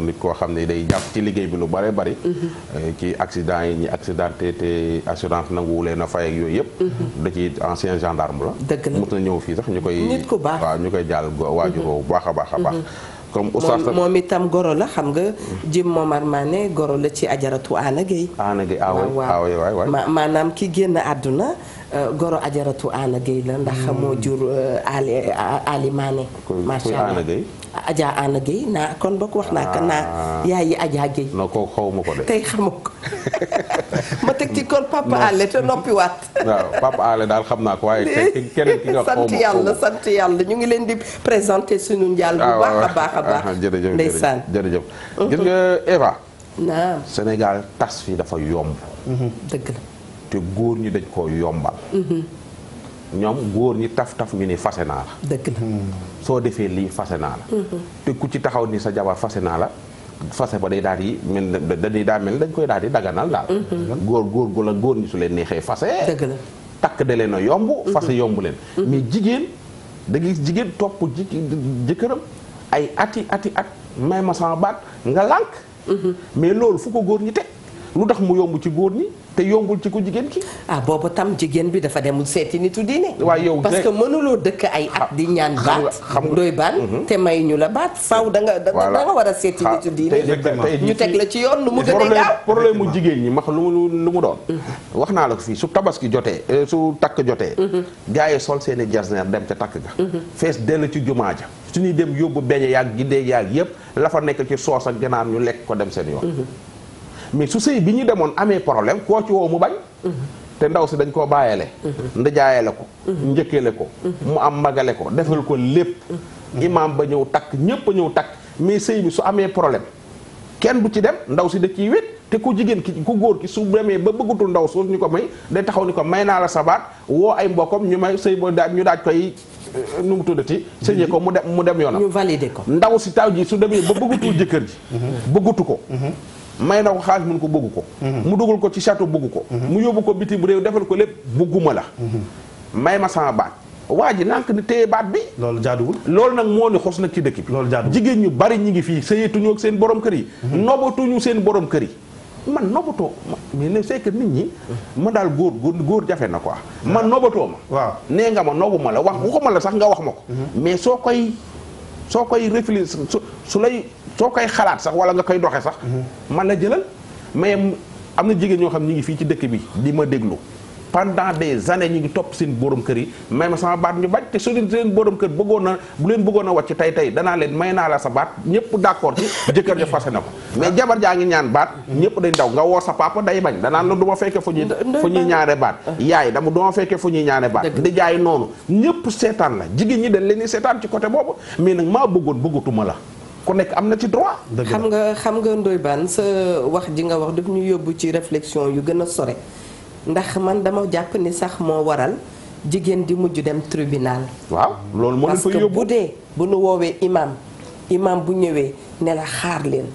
nit koo xam ne day jàpp ci liggéey bi lu bare bari mm-hmm. eh, ci accident yi ñi accidenté te assurance nanguwu leen a fay ak yooyu yëpp. Mhm. da ci ancien gendarme la. dëgg la mën na ñëw fii sax ñu koy. nit ku baax waaw ñu koy jàll waajuroo bu baax a baax a baax. Mhm. comme oustaz moom itam goro la xam nga mhm. Jim Momar Mané goro la ci ajaratu Aana Gueye Aana Gueye ah waaw waaw ah maanaam ki génn àdduna euh, goro ajaratu Aana Gueye la ndax moo jur euh, Ali Ali Mané macha Adja Anna Guèye naa kon bokk wax naa ko naa ah. yaay yi Adja Guèye. non kooku xaw ko de. tey xamoo ko ma teg ci kon Papa Allé te noppiwaat. waaw Papa Allé daal xam naa ko waaye keneen ki nga xaw ma yàlla ñu ngi leen di présenter sunu njaal. bu ah, baax a baax a ah, baax jërëjëf ndeysaan jërëjëf. Mm-hmm. gis nga Eva. naam Sénégal tas fii dafa yomb. Mm-hmm. dëgg la. te góor ñi dañ koo yombal. Mm-hmm. ñoom góor ñi taf taf ñu ni fase naa la. soo defee lii fase naa la. Mm-hmm. te ku ci taxaw ni sa jabar fase naa la. fase ba day daal di mel ne dañuy daa mel dañ koy daal di daganal daal. Mm-hmm. góor góor gu la góor ñi su leen neexee fase. dëgg la takk de leen a yomb. Mm-hmm. fase yomb leen. mais jigéen da jigéen topp ji jëkkëram ay ati ati at may ma sama baat nga lànk. mais loolu fu ko góor ñi teg. lu tax mu yomb ci góor ñi te yombul ci ku jigéen ki ah boobu tam jigéen bi dafa demul seeti nitu diine waaye yow parce que mënuloo dëkk ay at ah, di ñaan baat doy baan mhm. te may ñu la baat faaw da nga da nga war a seeti nitu diine ñu teg la ci yoon lu mu gën a gaaw problème jigéen ñi max lu mu lu mu doon mhm. wax naa la ko fii su tabaski jotee euh, su takk jotee mhm. gars yi sol seeni jasneer dem ca takk ga fees dell ci jumaa ja su ñuy dem yóbbu beñe yaag gindee yaag yëpp la fa nekk ci soos ñu lekk ko dem seen yoon mais su sëy bi ñu demoon amee problème koo ci woo mu bañ. te ndaw si dañ koo bàyyale ndajaayale ko le ko mu am magale ko defal ko lépp imaam ba ñëw takk ñépp a ñëw takk mais sëy bi su amee problème kenn du ci dem ndaw si da ciy wét te ku jigéen ki ku góor ki su demee ba bëggatul ndaw soo ñu ko may day taxaw ni ko may naa la sabaat woo ay mbokkam ñu may sëy ba daaj ñu daaj koy euh, nu mu tuddati sëñee ko mu dem mu dem yoonam ñu validé ko ndaw si taw ji su demee ba bëggatul jëkkër ji mm-hmm. bëggatu ko mm-hmm. may na ko xaalis mun ko bëgg ko mhm. mu dugal ko ci château bëgg ko mhm. mu yóbbu ko bitim réew defal ko lépp bëgguma la mhm. may ma sama baat waa ji nànk ni téye baat bi loolu jaaduwul loolu nag moo ni xos nag ci dëkk loolu jaaduwul jigéen ñu bari ñi ngi fii sëyetuñu ak seen borom kër yi nobatuñu seen borom kër yi man nobatoo ma mais nit ñi ma daal góor góor góor jafe na quoi man nobatoo ma waaw nee nga ma nobu ma la wax waxuma la sax nga wax ma ko mais soo koy soo koy réfléchir su lay soo koy xalaat sax wala nga koy doxe sax mhm. man la jëlal mais am na jigéen ñoo xam ñu ngi fii ci dëkk bi di ma déglu pendant des années ñu ngi topp seen borom kër yi may ma sama baat ñu bañ te su leen kër bëggoon na bu leen bëggoon a wàcc tey tey danaa leen may naa la sa baat ñëpp d'accord ci jëkkër ja fase na ko mais jabar jaa ngi ñaan baat mhm. ñëpp day ndaw nga woo sa papa day bañ danaan la du ma fekke fu ñuy ñuy ñaane baat ah. yaay dama du ma fekke fu ñuy ñaane di jaay noonu ñëpp seetaan la jigéen ñi dañ leen di seetaan ci côté boobu mais nag maa bëggoon bëggatuma la ku am na ci droit. xam nga xam nga Ndoye Bane sa wax ji nga wax daf ñu yóbbu ci réflexion yu gën a sore ndax man dama jàpp ni sax moo waral jigéen di mujj dem tribunal. waaw loolu moo parce que bu dee bu nu woowee imam imam bu ñëwee ne la xaar leen.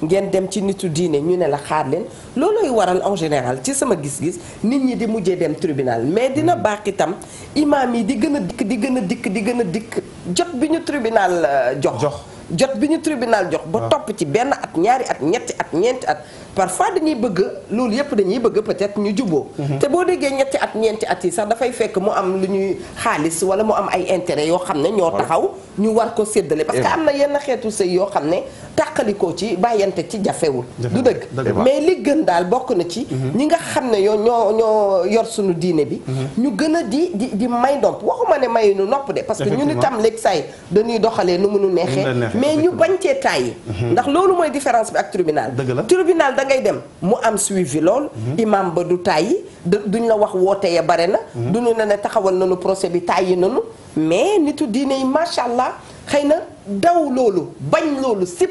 ngeen dem ci nitu diine ñu ne la xaar leen loolu waral en général ci sama gis-gis nit ñi di mujjee dem tribunal mais dina hmm. baax itam imaam yi di gën a dikk di gën a dikk di gën a dikk jot bi ñu tribunal euh, jox. jox jot bi ñu tribunal jox ba ah. topp ci benn at ñaari at ñetti at ñeenti at parfois dañuy bëgg loolu yëpp dañuy bëgg peut-être ñu juboo mhm. te boo déggee ñetti at ñeenti at yi sax dafay fekk mu am lu ñuy xaalis wala mu am ay intérêt yoo xam ne ñoo taxaw ñu war ko séddale parce que eh am na yenn xeetu sëy yoo xam ne tàqalikoo ci bàyyante ci jafewul du dëgg mais li gën daal bokk na ci mhm. ñi nga xam ne yoo ñoo ñoo yor suñu diine bi mhm. ñu gën a di di di may ndomp waxuma ne may nu nopp de parce que ñu am tam léegi saay dañuy doxalee nu mënu neexee mais ñu bañ cee tàyyi ndax loolu mooy différence bi ak da ngay dem mu am suivi lool. Mhm. imam ba du tàyyi duñ la wax wootee ya bare na. Mhm. duñu ne ne taxawal nañu procès bi tàyyi nañu. mais nitu diine yi macha allah xëy na daw loolu bañ loolu sib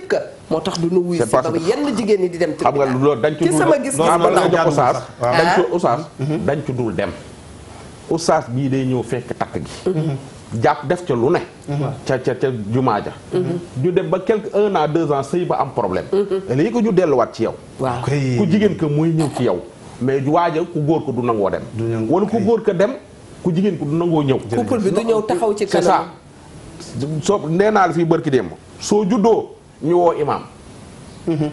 moo tax du nu wuy si ba yenn jigéen ñi di dem. xam nga loolu dañ ci sama gis-gis bu ndaw jox oustaz ah. dañ ci oustaz mhm. dañ ci dul dem oustaz bii day ñëw fekk takk gi. jàpp def ca lu ne. ca ca ca jumaa ja mhm. ñu dem ba quelque un an deux ans sëy ba am problème. Mhm. léegi ko ñu delluwaat ci yow. waaw ku jigéen ko muy ñëw ci yow. mais waaja ku góor ko du nangoo dem. wala ku góor ko dem ku jigéen ko du nangoo ñëw. couple bi du ñëw taxaw ci kanam. c'est soo nee naa la fii barki démb soo juddoo ñu woo imaam. Mhm.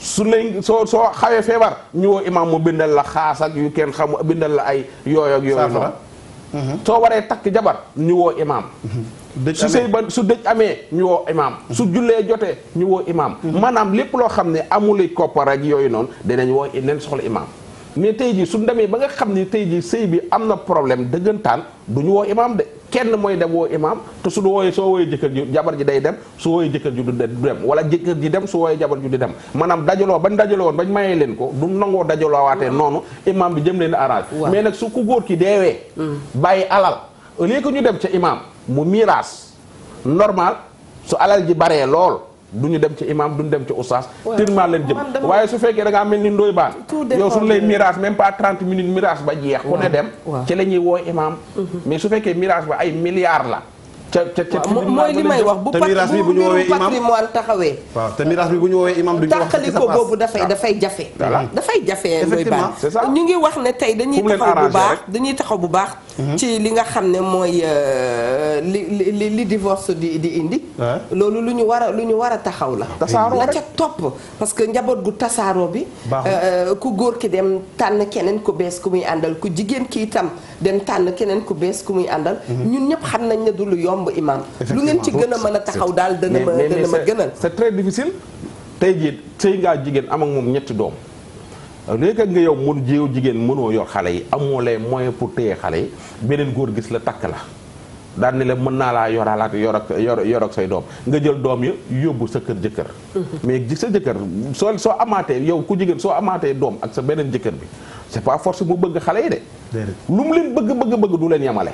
su lay soo soo xawee feebar ñu woo imaam mu bindal la xaas ak yu kenn xam bindal la ay yooyu ak Mhm. soo waree takk jabar ñu woo imaam. Mhm. su sëy su dëj amee ñu woo imaam. Mhm. su jullee jotee ñu woo imaam. maanaam lépp loo xam ne amuli koppar ak yooyu noonu dinañ woo neen soxla imaam. mais tey jii su demee ba nga xam ni tey jii sëy bi am na problème dëggantaan du ñu woo imaam de. kenn mooy dem woo imaam te su du wooyee soo wooyee jëkkër ji jabar ji day dem su wooyee jëkkër ji du dem wala jëkkër ji dem su wooyee jabar ji du dem maanaam dajaloo bañ dajaloo woon bañ mayee leen ko du nangoo dajaloo waatee noonu imaam bi jëm leen arrange mais nag su ku góor ki deewee hmm. bàyyi alal au lieu ñu dem ca imaam mu miraas normal su alal ji baree lool du ñu dem ci imam du ñu dem ci oustaz. tirmaa leen jëm waaye su fekkee da ngaa mel ni ndoy baan yow suñu lay mirage même pas 30 minutes mirage ba jeex. ku ne dem ci woo imam mhm. mais su fekkee mirage ba ay milliards la. ca mooy li may wax bu pat bu mbirum patrimoine taxawee. waaw te miraas bi bu ñu woowee imam du ñu wax tàqali ko boobu dafay dafay jafe. ñu ngi wax ne tey dañuy taxaw bu baax dañuy taxaw bu baax. Mhm. ci li nga xam ne mooy euh, li li li divorce di di indi. loolu lu ñu war a lu ñu war a taxaw la. tasaaroo la ca topp parce que njaboot gu tasaaroo bi. Euh, ku góor ki dem tànn keneen ku bees ku muy àndal ku jigéen ki itam dem tànn keneen ku bees ku muy àndal. Mhm. ñun ñëpp xam nañ ne du lu yomb yomb imam lu ngeen ci gën a mën a taxaw daal dana ma dana ma gënal c'est très difficile tey jii sëy ngaa jigéen am ak moom ñetti doom léegi nga yow mun jéew jigéen mënoo yor xale yi amoo les moyens pour téye xale yi beneen góor gis la takk la daan ne la mën naa laa yoraalaat yor ak yor yor say doom nga jël doom ya yóbbu sa kër jëkkër mhm. mais sa jëkkër soo soo amaatee yow ku jigéen soo amaatee doom ak sa beneen jëkkër bi c'est pas force mu bëgg xale yi de lu mu leen bëgg bëgg bëgg du leen yamale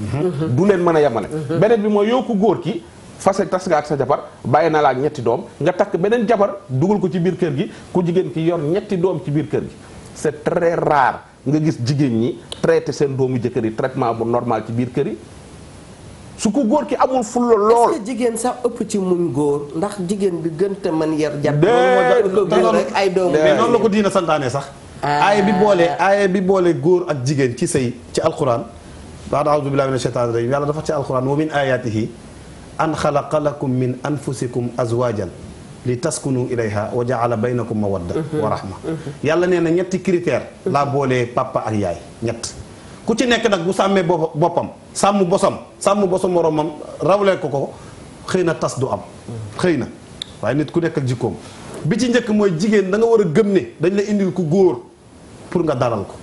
Mhm. du leen mën a yemale mhm. beneen bi mooy yow ku góor ki fase tas nga ak sa jabar bàyyi na la ak ñetti doom nga takk beneen jabar dugal ko ci biir kër gi ku jigéen ki yor ñetti doom ci biir kër gi c'est très rare nga gis jigéen ñi traité seen doomu jëkkër yi traitement bu normal ci biir kër su ko góor ki amul fulla lool. est jigéen sax ëpp ci muñ góor ndax jigéen bi gën te mën yar jàpp. moom moo la ko diina santaane sax. Ah. aaye bi boole aaye bi boole góor ak jigéen ci sëy ci alxuraan. ba'd a'uudu billaahi a shaytaani rajiim yàlla dafa ci alquran wa min ayaatihi an xalaqa lakum min anfusikum azwaajan li taskunu ilayha wa jaala baynakum mawadda wa yàlla nee na ñetti critère laa boolee papa ak yaay ñett ku ci nekk nag bu sàmmee boppam sàmm bosam sàmm bosam moromam rawlee ko ko xëy na tas du am xëy na waaye nit ku nekk ak jikkoom bi ci njëkk mooy jigéen danga war a gëm ne dañ la indil ku góor pour nga daral ko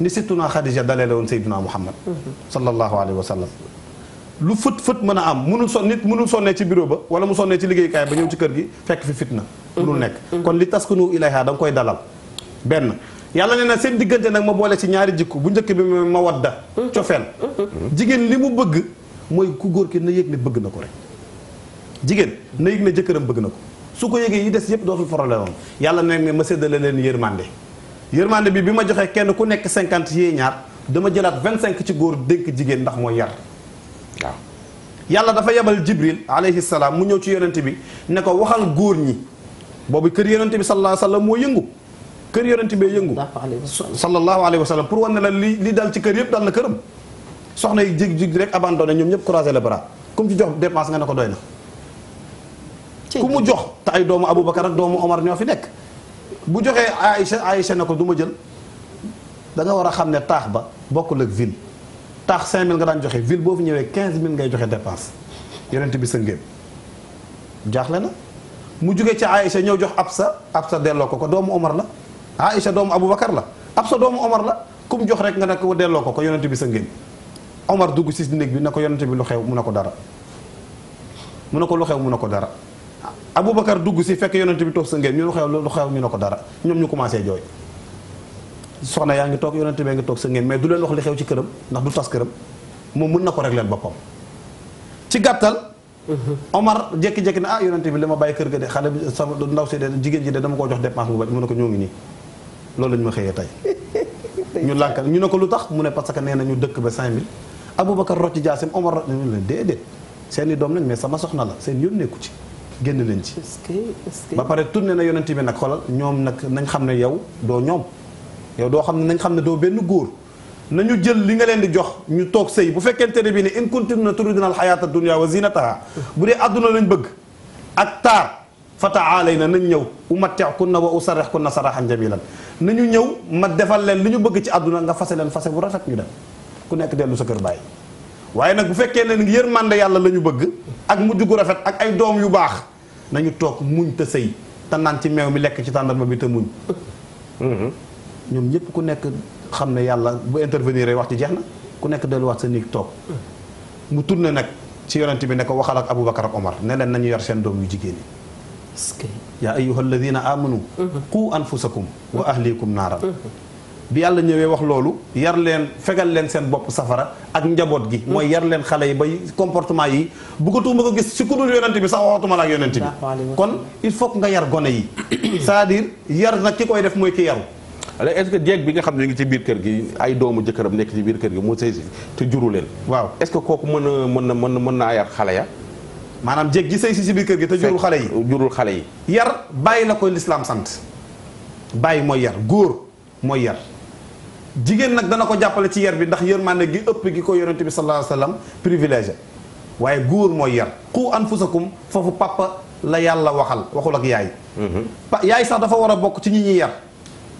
ni sittuna Xadija daleele woon Seydina Muhammad mhm. sallallahu alayhi wa sallam lu fët fët mën a am mënul son nit mënul sonnee ci biro ba wala mu sonnee ci liggéeykaay ba ñëw ci kër gi fekk fi fitna mënul mhm. nekk mhm. kon li taskunu ilayha da danga koy dalal benn yàlla nee na seen diggante nag ma boole ci ñaari jikko bu njëkk bi ma wadda cofeel jigéen li mu bëgg mooy ku góor ki na yëg ne bëgg na ko rek jigéen na yëg ne jëkkëram bëgg na ko su ko yëgee yi des yëpp dootul problème am yàlla ne ma séddale leen yërmande yërmande bi bi ma joxee kenn ku nekk cinquante yee ñaar dama jëlaat vingt cinq ci góor dénk jigéen ndax mooy yar yàlla dafa yebal jibril alayhi salaam mu ñëw ci yonent bi ne ko waxal góor ñi boobu kër yonent bi sallallahu alayhi wa sallam moo yëngu kër yonent bee yëngu sallallahu alayhi wa sallam pour wane la li li dal ci kër yëpp dal na këram soxna yi jig jig rek abandonné ñoom ñëpp croisé le bras ku mu ci jox dépense nga ne ko doy na ku mu jox te ay doomu Aboubacar ak doomu Omar ñoo fi nekk bu joxee Aïcha Aïcha ne ko du ma jël danga war a xam ne taax ba bokkul ak ville taax 5000 nga daan joxe ville boo fi ñëwee 15000 ngay joxe dépense yonent bi sa ngéem jaaxle na mu jóge ci Aïcha ñëw jox ab sa Absa Absa delloo ko ko doomu Omar la Aïcha doomu Aboubacar la sa doomu Omar la ku jox rek nga ne ko delloo ko ko yonent bi sa ngéem Omar dugg si néeg bi ne ko yonent bi lu xew mu ne ko dara mu ne ko lu xew mu ne ko dara. Aboubacar dugg si fekk yonent bi toog sa ngeen ñu lu xew lu ñu ne ko dara ñoom ñu yaa ngi toog yonent bee ngi toog sa ngeen mais du leen wax li xew ci këram ndax du tas këram moom mën na ko régler boppam ci gàttal Omar jékki-jékki ne ah yonent bi li ma bàyyi kër ga de xale bi sama ndaw si de jigéen ji de dama koo jox dépense bu bari mu ne ko nii loolu la ñu ma xëyee tey ñu lànkal ñu ne ko lu tax mu ne parce que nee na ñu dëkk ba 5000 Aboubacar rocci jaasim Omar rocci ñu leen déedéet seen i doom lañ mais sama soxna la seen yónneeku ci génn leen ci. ba pare tourné na yonent bi nag xolal ñoom nag nañ xam ne yow doo ñoom yow doo xam ne nañ xam ne doo benn góor nañu jël li nga leen di jox ñu toog sëy bu fekkente ne bii ne in kuntunna turidna al xayaata dunya wa zinataha bu dee àdduna lañu bëgg ak taar fa taalayna nañ ñëw ku umatti'kunna wa usarrihkunna sarahan jamilan nañu ñëw ma defal leen li ñu bëgg ci àdduna nga fase leen fase bu rafet ñu dem ku nekk dellu sa kër bàyyi waaye nag bu fekkee ne yàlla la ñu bëgg ak mujj gu rafet ak ay doom yu baax nañu toog muñ te sëy te naan ci meew mi lekk ci tàndarma bi te muñ mm-hmm. ñoom ñëpp ku nekk xam ne yàlla bu intervenir wax ci jeex na ku nekk wax sa néeg toog mm-hmm. mu tourné nag ci yonent bi nekk ko waxal ak Aboubacar ak Omar ne nañu yar seen doom yu jigéen yi yaa ayyuha alladina amanu mm-hmm. qu anfusakum wa ahlikum naaran bi yàlla ñëwee wax loolu yar leen fegal leen seen bopp safara ak njaboot gi mm. mooy yar leen xale yi bay comportement yi bëggatuma ko gis si ku dul yonent bi sax waxatuma la ak yonent bi kon il faut que nga yar gone yi cest à yar nag ki koy def mooy ki yaru alors est-ce que jeeg bi nga xam ne ngi ci biir kër gi ay doomu jëkkëram nekk ci biir kër gi mu sëy si te juru leen waaw est-ce kooku mën a mën na mën mën naa yar xale ya maanaam jéeg gi sëy si si biir kër gi te jurul xale yi jurul xale yi yar bàyyi la koy lislaam sant bàyyi mooy yar góor mooy yar jigéen nag dana ko jàppale ci yar bi ndax yërmande gi ëpp gi ko yonente bi sallallahu alayhi wa sallam waaye góor mooy yar qu anfusakum foofu papa la yàlla waxal waxul ak yaay mhm. yaay sax dafa war a bokk ci ñi ñuy yar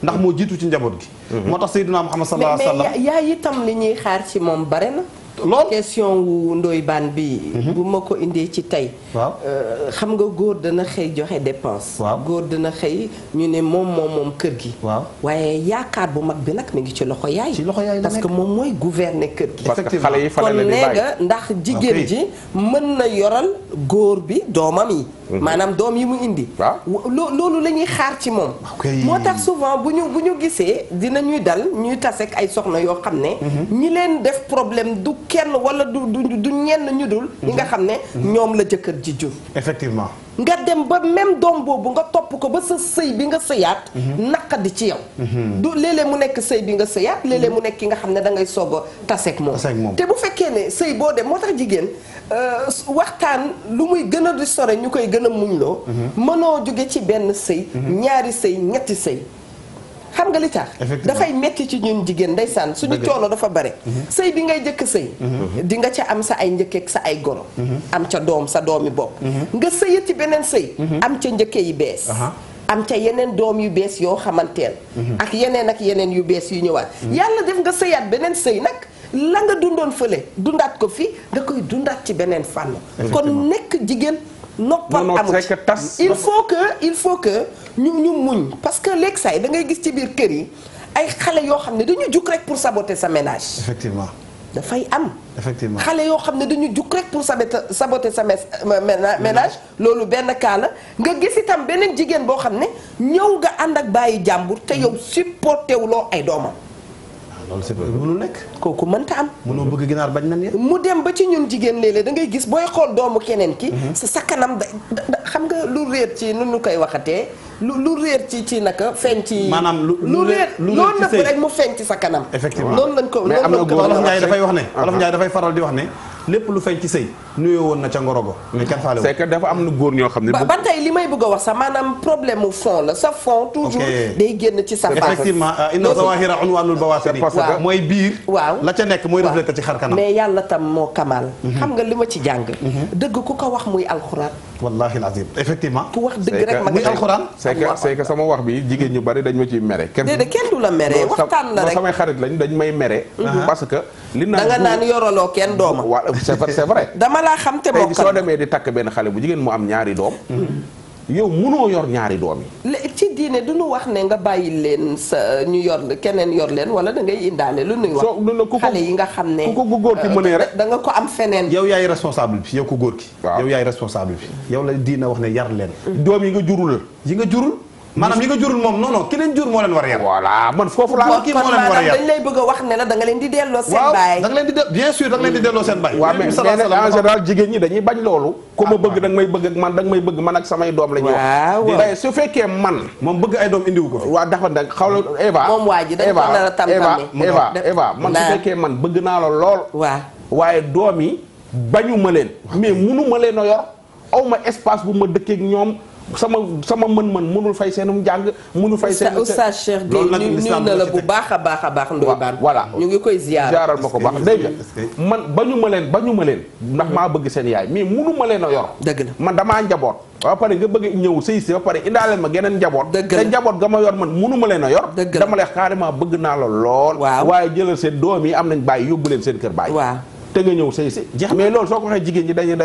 ndax moo jiitu ci njaboot gi mhm. moo tax sayyidina Muhammad sallallahu alayhi wa sallam yaay itam li ñuy xaar ci moom bare na lool question wu ndoy baan bi mhm. bu ma ko indee ci tey waaw euh, xam nga góor dana xëy joxe dépense waaw góor dana xëy ñu ne moom moom moom kër gi waaw waaye yaakaar bu mag bi nag mu ngi ci loxo yaay ci loxo yaay parce que moom mooy gouverner kër gi kon nee nga ndax jigéen ji mën na yoral góor bi doomam yi mhm. maanaam doom yi mu indi loolu la ñuy xaar ci moom moo tax souvent bu ñu bu ñu gisee dina ñuy dal ñuy tasek ay soxna yoo xam ne mhm. ñi leen def problème du kenn wala du du du ñenn ñu dul. ñi nga mhm. xam ne mhm. ñoom la jëkkër ji jur. effectivement. nga dem ba même doom boobu nga topp ko ba sa sëy bi nga sëyaat. Mhm. naqadi ci yow. du léeg-léeg mu nekk sëy bi nga sëyaat léeg-léeg mu nekk ki nga xam ne da ngay soog a taseeg moom. te bu fekkee ne sëy boo dem moo tax jigéen euh, waxtaan lu muy gën a di sore ñu koy gën a muñloo. mënoo jóge ci benn sëy. ñaari sëy ñetti sëy. xam nga li tax dafay metti ci ñun jigéen sànn suñu coono dafa bare mhm. sëy bi ngay jëkk sëy mhm. Mhm. di nga ca am sa ay njëkkeek sa ay goro am ca doom sa doomi bopp nga sëyat ci beneen sëy am ca njëkke yi bees am ca yeneen doom yu bees yoo xamanteen ak yeneen ak yeneen yu bees yu ñëwaat yàlla def nga sëyaat beneen sëy nag la nga dundoon fële dundaat ko fii nga koy dundaat ci beneen fànn kon nekk jigéen noppal amut il faut que il faut que ñu ñu muñ parce que léegi saa yi da ngay gis ci biir kër yi ay xale yoo xam ne dañu jug rek pour saboter sa ménage effectivement dafay am effectivement xale yoo xam ne dañu jug rek pour saboter sa ménage loolu benn cas nga gis itam beneen jigéen boo xam ne ñëw nga ànd ak bàyyi jàmbur te yow supporté loo ay doomam loolu c'est vrai mënul nekk kooku mënta am mënoo bëgg ginaar bañ nan ya mu dem ba ci ñun jigéen léeg-léeg da ngay gis booy xool doomu keneen ki mhm. sa sa kanam da xam nga lu réer ci nu ñu koy waxatee lu lu réer ci ci naka feeñ ci maanaam lu réer loolu nag rek mu feeñ ci sa kanam effectivement loolu lañ ko mais am na góor Olof Njaay dafay wax ne Olof Njaay dafay faral di wax ne lépp lu feeñ ci sëy nuyoo woon na ca ngorogo mais kenn dafa am na góor ñoo xam ne ba tey li may bëgg a wax sa maanaam problème mu fond la sa fond toujours day génn ci sa effectivement euh, inna zawahira unwanul bawasiri mooy biir waaw la ca nekk mooy reflété ci xar kanam mais yàlla tam moo kamaal mhm. xam nga li ma ci jàng mhm. dëgg ku ko wax muy alxuraan wallahi alazim effectivement. ku wax dëgg rek ma ngi alxuraan. c'est que c'est que wax bi jigéen ñu bari dañ ma ciy mere. kenn kenn du la mere waxtaan la rek lañ dañ may mere. Mhm. parce que li naan da nga naan yoraloo kenn dooma. waaw c'est dama laa xam te bokkal tey soo demee di takk benn xale bu jigéen mu am ñaari doom. Mhm. yow munoo yor ñaari doom yi. ci diine du ñu wax ne nga bàyyi leen sa ñu yor keneen yor leen wala da ngay indaale lu nuy wax. xale yi nga xam ne ku ko góor ki euh, mënee rek da nga ko am feneen. yow yaay responsable bi yow ko góor ki. yow yaay responsable bi yow la diine wax ne yar leen. Mm. doom yi nga jurul yi nga jurul. maanaam ñi nga jurul moom non non ki leen jur moo leen war a yar. voilà man foofu laa kii a yar dañ lay bëgg a wax ne la leen di delloo seen baay. waaw da nga leen di delloo seen baay. waaw mais bañ loolu. ku ma ah, bëgg da nga may bëgg ak da nga may bëgg man ak samay doom su fekkee man. moom bëgg ay doom indiwu ko fi. dafa nag xaw la Eva. moom waa ji a tam tam bëgg naa la lool. waaw waaye doom yi bañu ma leen mais munu ma leen a yor aw ma espace bu ma dëkkeek ak ñoom sama sama mën-mën mënul fay seenum jàng mënul fay seen oustaz Cheikh Gueye ñu na la bu baax a baax a baax ndoy baan voilà ñu ngi koy ziaral ma ko baax dégg nga man ba ma leen ba ñu leen ndax mm-hmm. maa bëgg seen yaay mais mënu ma leen a yor dëgg na man damaa njaboot ba pare nga bëgg ñëw sëy si ba pare indaaleen ma geneen njaboot te njaboot ga ma yor man munuma leen a yor dama leen carrément bëgg naa la lool waaye jëlal seen doom yi am nañ bàyyi yóbbu leen seen kër bàyyi te nga ñëw sëy si jeex mais loolu soo ko waxee jigéen ñi dañuy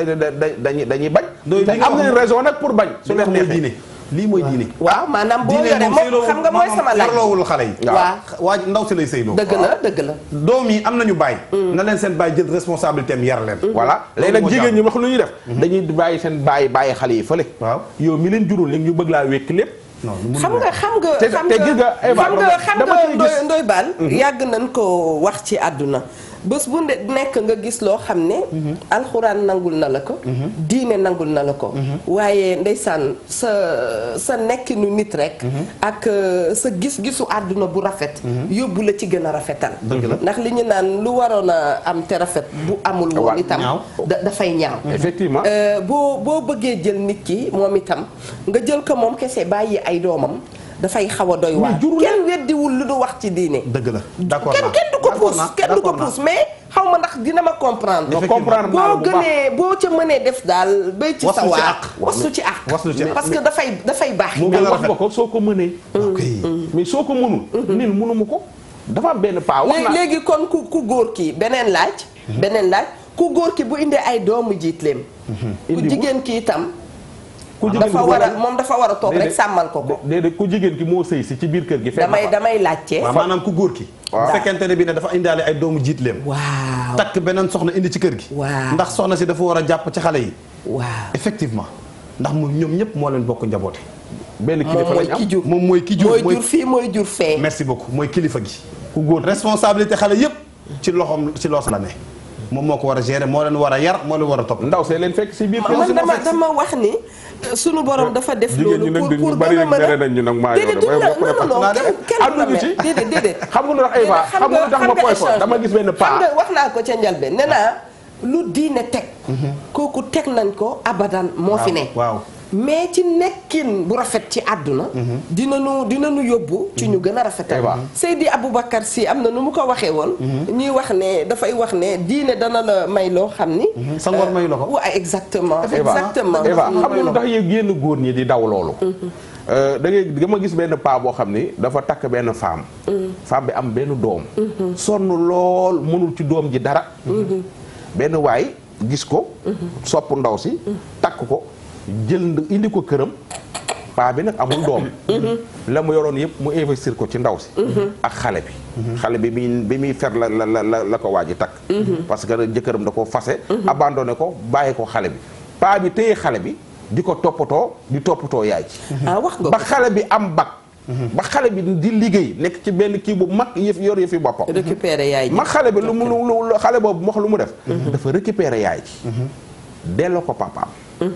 dañuy dañuy bañ. te am nañ raison nag maanaam boo yoree moom xam nga mooy sama laaj farloowul xale yi. waaw waa ndaw si la doom yi am nañu bàyyi. Mm. na leen seen bàyyi jël responsabilité am yar leen. Mm-hmm. voilà léegi nag jigéen ñi wax lu ñuy def. Mm-hmm. dañuy bàyyi seen bàyyi bàyyi xale yi fële. waaw yow mi leen jurul léegi ñu bëgg laa wékk lépp. xam nga xam nga xam nga xam nga xam nga ndoy baal mm-hmm. yàgg nañ ko wax ci àdduna bés bu nekk nga gis loo xam ne. alxuraan nangul na la ko. diine nangul na la ko. waaye ndeysaan sa sa nekkinu nit rek. ak sa gis-gisu àdduna bu rafet. yóbbu la ci gën a rafetal. ndax li ñu naan lu waroon a am te rafet bu amul woon itam. dafay ñaaw. Euh, boo boo bëggee jël nit ki moom itam nga jël ko moom kese bàyyi ay doomam. dafay xaw a doy waar kenn weddiwul lu du wax ci diine dëgg la d'accord kenn kenn du ko puus kenn du ko puus mais xaw ma ndax dina ma comprendre boo gënee boo ca mënee def daal bay ci sa waar wasu ci àq parce que dafay dafay baax moo gën a rafet ko soo ko mënee hmm. Hmm. mais soo ko mënul hmm. nin mënuma ko dafa am benn paa wax léegi kon ku ku góor kii beneen laaj beneen laaj ku góor ki bu indee ay doomu jiitleem ku jigéen ki itam ku jigéen dafa war a moom dafa war a toog rek sàmmal ko ko déedéet ku jigéen ki moo sëy si ci biir kër gi damay damay laajte maanaam ku góor ki fekkente ne bi ne dafa indaale ay doomu jiit leem waaw takk beneen soxna indi ci kër gi waaw ndax soxna si dafa war a jàpp ci xale yi waaw effectivement ndax mu ñoom ñëpp moo leen bokk njaboote benn kilifa lañ am moom mooy ki jur mooy jur fii mooy jur fee merci beaucoup mooy kilifa gi ku góor responsabilité xale yëpp ci loxoom ci loos la ne moom moo ko war a gérer moo leen war a yar moo leen war a topp. ndaw see leen fekk si biir. man dama dama wax ni. sunu borom dafa def loolu pour pour gën a mën a déedéet duñ la non non non kenn xam nga lu tax Eva xam dama gis benn paa. xam wax naa ko ca njëlbeen nee naa lu diine teg. Mhm. kooku teg nañ ko abadan moo fi ne. waaw mais ci nekkin bu rafet ci àdduna mhm. dinañu dinañu yóbbu ci ñu mhm. gën a rafetal Seydi Aboubacar Sy am na nu mu ko waxee woon mhm. ñuy wax ne dafay wax ne diine dana la may loo xam ni sa ngor may la ko euh, waaw exactement exactement xam nga lu tax yéen génn góor ñi di daw loolu euh, da ngay dama gis benn paa boo xam ni dafa takk benn femme femme bi am benn doom sonn lool mënul ci doom ji dara benn waay gis ko sopp ndaw si takk ko jël indi ko këram paa bi nag amul doom la mu yoroon yëpp mu investir ko ci ndaw si ak xale bi xale bi muy bi muy fer la la la la ko waa ji takk parce que jëkkëram da ko fase abandonné ko bàyyi ko xale bi paa bi téye xale bi di ko toppatoo di toppatoo yaay ci ah, wax nga ba xale bi am bag ba xale bi di liggéey nekk ci benn kii bu mag yëf yor yëfi boppam récupérer yaay ji ma xale bi lu mu lu xale boobu wax lu mu def mhm. dafa récupérer yaay ji mhm. delloo ko papaam mhm.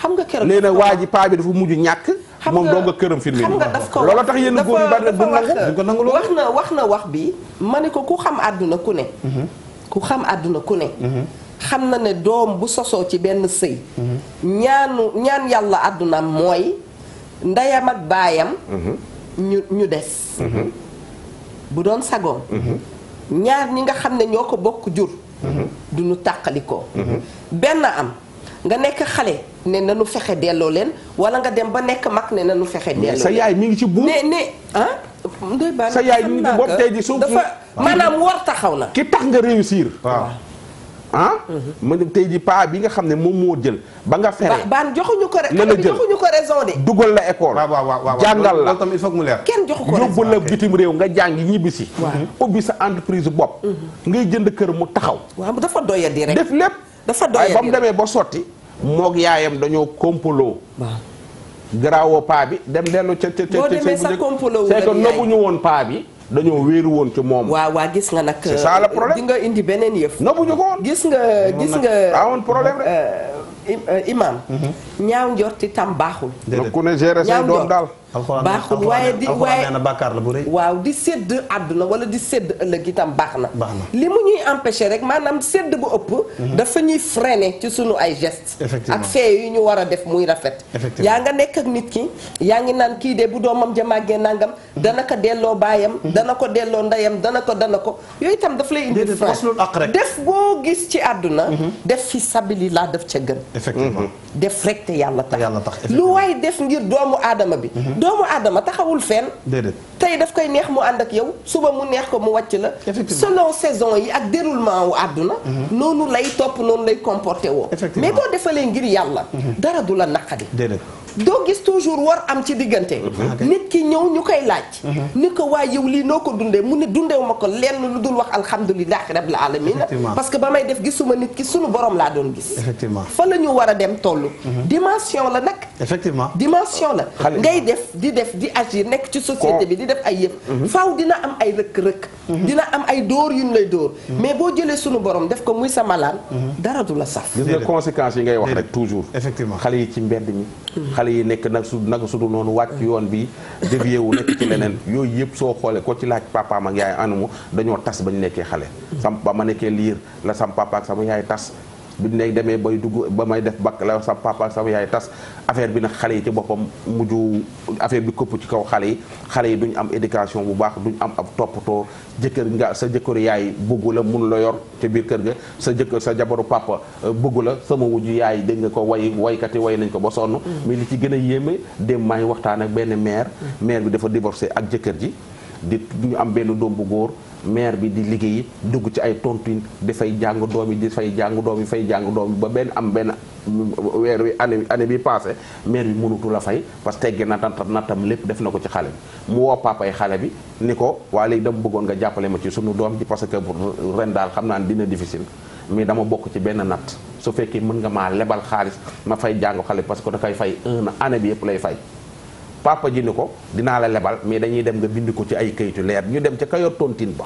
xam nga keroog nee na waa ji paa bi dafa mujj ñàkk. moom doo nga këram firnde xam nga ko loolu tax yéen góor yu bari ko nangu wax na wax na wax bi ma ne ko ku xam àdduna ku ne. Mhm. ku xam àdduna ku ne. Mhm. xam na ne doom bu sosoo ci benn sëy. Mhm. ñaanu ñaan yàlla àddunaam mooy ndeyam ak baayam. ñu ñu des. bu doon sagoom. ñaar ñi nga xam ne ñoo ko bokk jur. du ñu tàqali ko. benn am. nga nekk xale ne nanu fexe delloo leen wala nga dem ba nekk mag ne nanu fexe delloo leen sa yaay mi ngi ci buum ne ne ah. ndoy baax sa yaay mi ngi ci bopp tey ji suuf dafa maanaam war taxaw na. ki tax nga réussir. waaw ah. Mhm. ma ne tey ji paa bi nga xam ne moom moo jël ba nga fere. baan joxuñu ko rek joxuñu ko raison de. dugal la école. waaw waaw waaw jàngal la il faut mu leer. kenn joxu ko yóbbu la bitim réew nga jàngi ñibbisi. ubbi sa entreprise bopp. Mhm. ngay jënd kër mu taxaw. waaw dafa doyadi rek def lépp. dafa doy waaye mu demee ba sotti mook yaayam dañoo kompaloo garaawoo paa bi dem dellu ca ca ca boo demee sa kompaloo c'est que nëbbuñu woon paa bi dañoo wéeru woon moom waaw waa gis nga nag c'est ça le euh, problème di nga indi beneen yëf nëbbuñu ko woon gis nga gis nga awoon problème rek euh, euh, mhm. ñaaw njorti tam baaxul ku ne gérer say doom daal baaxul waaye di waaye bàkkaar la bu rëy waaw di sedd àdduna wala di sedd ëllëg itam baax na li mu ñuy empêcher rek maanaam sédd bu ëpp mhm. dafa ñuy freiner ci sunu ay gestes ak fee yu ñu war a def muy rafet yaa nga nekk ak nit ki yaa ngi naan kii de bu doomam ja màggee nangam mhm. dana ko delloo baayam mhm. dana ko delloo ndeyam dana ko dana ko yooyu itam daf lay indi frein def boo gis ci àdduna def fi sabili laa def ca gën def rek te yàlla tax lu waay def ngir doomu aadama bi doomu aadama taxawul feen déedéet tey daf koy neex mu ànd yow suba mu neex ko mu wàcc la. selon saison yi ak déroulement wu àdduna. Mhm. noonu lay topp noonu lay comporté woo. mais boo defalee ngir yàlla. Mhm. dara du la naqadi. doo gis toujours war am ci diggante. nit ki ñëw ñu koy laaj. Mhm. ni ko waa yow lii noo ko dundee mu ne dundewu ma ko lenn lu dul wax alhamdulilahi rabbil alamina parce que ba may def gisuma nit ki sunu borom laa doon gis. effectivement fa la ñu war a dem toll. dimension la nag. effectivement dimension la. ngay def di def di agir nekk ci société bi di def ay yëpp. Mhm. faaw dina am ay rëkk-rëkk. Mhm. dina am ay dóor yu ñu lay dóor. Mhm. mais boo jëlee sunu borom def ko muy sa malaan. dara du la saf. gis nga conséquences yi ngay wax rek toujours. effectivement xale yi ci mbedd mi. xale yi nekk nag su nag su dul noonu wàcc yoon bi dévié wu nekk ci leneen yooyu yëpp soo xoolee ko ci laaj papaam ak yaay anamu dañoo tas ba ñu nekkee xale. sam ba ma nekkee liir la sam papa ak sama yaay tas. bi mu demee bay dugg ba may def bakk la sa papa sama yaay tas affaire bi na xale yi ci boppam mujj affaire bi këpp ci kaw xale yi xale yi duñ am éducation bu baax duñ am ab toppatoo jëkkër nga sa jëkkër yaay bëggu la mun la yor ci biir kër ga sa jëkkër sa jabaru papa euh, bëggu la sama wujju yaay dégg ko way waykat yi way nañ ko ba sonn mu mm. li ci gën a yéeme dem maa waxtaan ak benn maire mm. maire bi dafa divorcé ak jëkkër ji di ñu am benn doom bu góor maire bi di liggéeyi dugg ci ay tontuñ di fay jàng doom yi di fay jàng doom yi fay jàng doom yi ba benn am benn weer wi année bi année bi passé maire bi mënutu la fay parce que tegge na nattam lépp def na ko ci xale bi mu woo papay xale bi ni ko waa léegi dama bëggoon nga jàppale ma ci suñu doom ji parce que ren daal xam naa ne dina difficile mais dama bokk ci benn natt su fekkee mën nga maa lebal xaalis ma fay jàng xale parce que dafay fay un année bi yëpp lay fay papa ji ni ko dinaa la lebal mais dañuy dem nga bind ko ci ay kayitu leer ñu dem ca kayoor tontine ba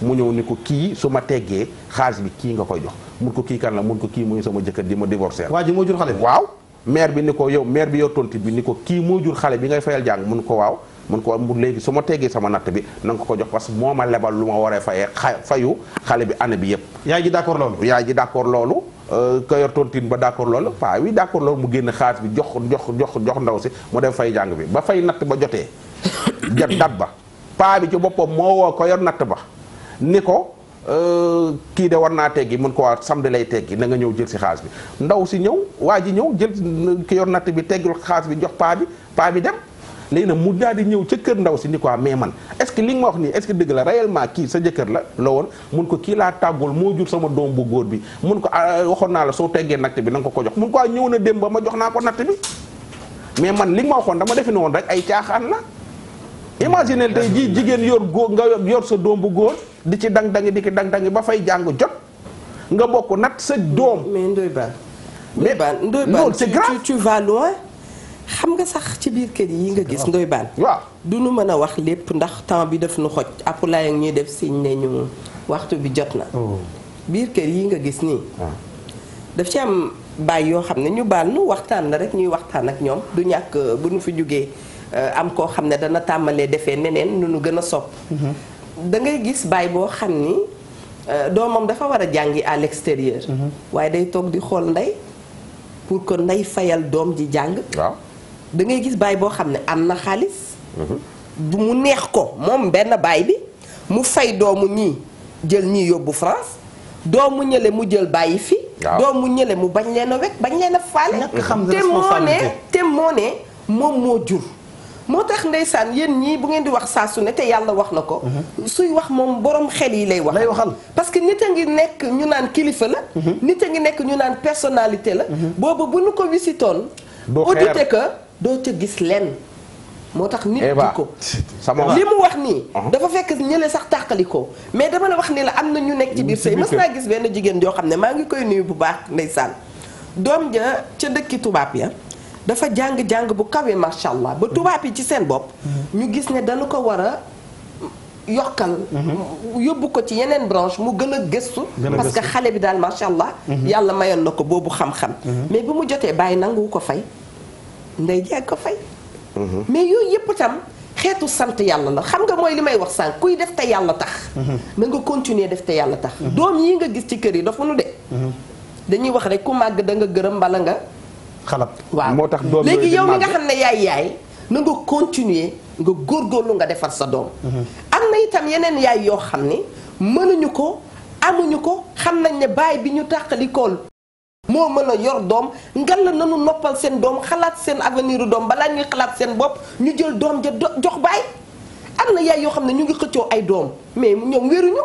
mu ñëw ni ko kii su ma teggee xaalis bi kii nga koy jox mun ko kii kan la mun ko kii muy sama jëkkër ji ma divorcer waa ji moo jur xale waaw maire bi ni ko yow maire bi yow tontine bi ni ko kii moo jur xale bi ngay fayal jàng mun ko waaw mun ko mu léegi su ma teggee sama natt bi na ko ko jox parce que moo ma lebal lu ma waree fayee fayu xale bi année bi yëpp yaay ji d'accord loolu yaay ji d'accord loolu Euh, ka yor tontine ba d'accord loolu paa wi d'accord loolu mu génn xaalis bi jox jox jox jox ndaw si mu dem fay jàng bi ba fay natt ba jotee jot dat ba paa bi ci boppam moo woo ko yor natt ba ni ko euh, kii de war naa teggi mën ko waa samedi lay teggi na nga ñëw jël si xaalis bi ndaw si ñëw waa ji ñëw jël ki natt bi teggul xaalis bi jox paa bi paa bi dem léegi nag mu daal di ñëw ca kër ndaw si ni quoi ah, mais man est ce que li nga ma wax nii est ce que dëgg la réellement kii sa jëkkër la la woon mun ko kii laa tàggul moo jur sama doom bu góor bi mun ko ah, waxoon naa la soo teggee natt bi na nga ko ko jox mun ko ah, ñëw na dem ba ma jox naa ko natt bi mais man li nga ma waxoon dama defe ne woon rek ay caaxaan la imagine tey jii jigéen yor góor nga yor sa doom bu góor di ci dang-dangi di ci dang-dangi ba fay jàng jot nga bokk nat sa doom mais Ndoye Bane mais Bane Ndoye Bane c'est grave tu vas loin xam nga sax ci biir kër yi nga gis ndoy baan waaw du nu mën a wax lépp ndax temps bi daf nu xoj apulaay ak ñuy def siñ ne ñu waxtu bi jot na oh. biir kër yi nga gis nii ah. daf ci am baay yoo xam ne ñu baal nu waxtaan la rek ñuy waxtaan ak ñoom du ñàkk euh, bu nu fi jógee euh, am koo xam ne dana tàmbalee defe neneen nu nu gën a sopp mm-hmm. da ngay gis baay boo xam ni euh, doomam dafa war a jàngi à l'extérieur mm-hmm. waaye day toog di xool ndey pour que ndey fayal doom ji jàng da ngay gis baay boo xam ne am na xaalis. du mu neex ko moom benn baay bi mu fay doomu ñii jël ñii yóbbu France doomu ñële mu jël bàyyi fi. doomu ñële mu bañ leen a wekk bañ leen a faale. te moo ne te moo ne moom moo jur. moo tax ndeysaan yéen ñii bu ngeen di wax saa su ne te yàlla wax na ko. Mhm. suy wax moom boroom xel yi lay wax. lay parce que nit a ngi nekk ñu naan kilifa la. Mhm. nit a ngi nekk ñu naan personnalité la. Mhm. boobu bu ñu ko wisitoon. audité que doo ca gis lenn moo tax nit di ko li mu wax nii uh-huh. dafa fekk ñële sax tàqali ko mais dama la wax ni la am na ñu nekk ci biir sëy mas naa gis benn jigéen joo xam ne maa ngi koy nuyu bu baax ndeysaan doom ja ca dëkki tubaab ya dafa jàng-jàng bu kawee macha allah ba uh-huh. tubaab yi ci seen bopp uh-huh. ñu gis ne dana ko war a yokkal yóbbu ko ci yeneen branche mu gën a gëstu parce que xale bi daal macha allah yàlla mayoon na ko boobu xam-xam mais bu mu jotee bàyyi nangu ko fay nday jeeg ko fay mais yooyu yëpp tam xeetu sant yàlla la xam nga mooy li may wax sànq kuy def te yàlla tax na nga continuer def te yàlla tax doom yi nga gis ci kër yi dafa nu de dañuy wax rek ku màgg danga nga gërëm bala nga xalab waaw moo tax doom léegi yow nga xam ne yaay yaay na nga continuer nga góorgóorlu nga defar sa doom am na itam yeneen yaay yoo xam ne mënuñu ko amuñu ko xam nañ ne baay bi ñu tàqalikool moo mën a yor doom ngal la nanu noppal seen doom xalaat seen avenir doom balaa ñuy xalaat seen bopp ñu jël doom ja jox baay am na yaay yoo xam ne ñu ngi xëccoo ay doom mais mu ñoom wéruñu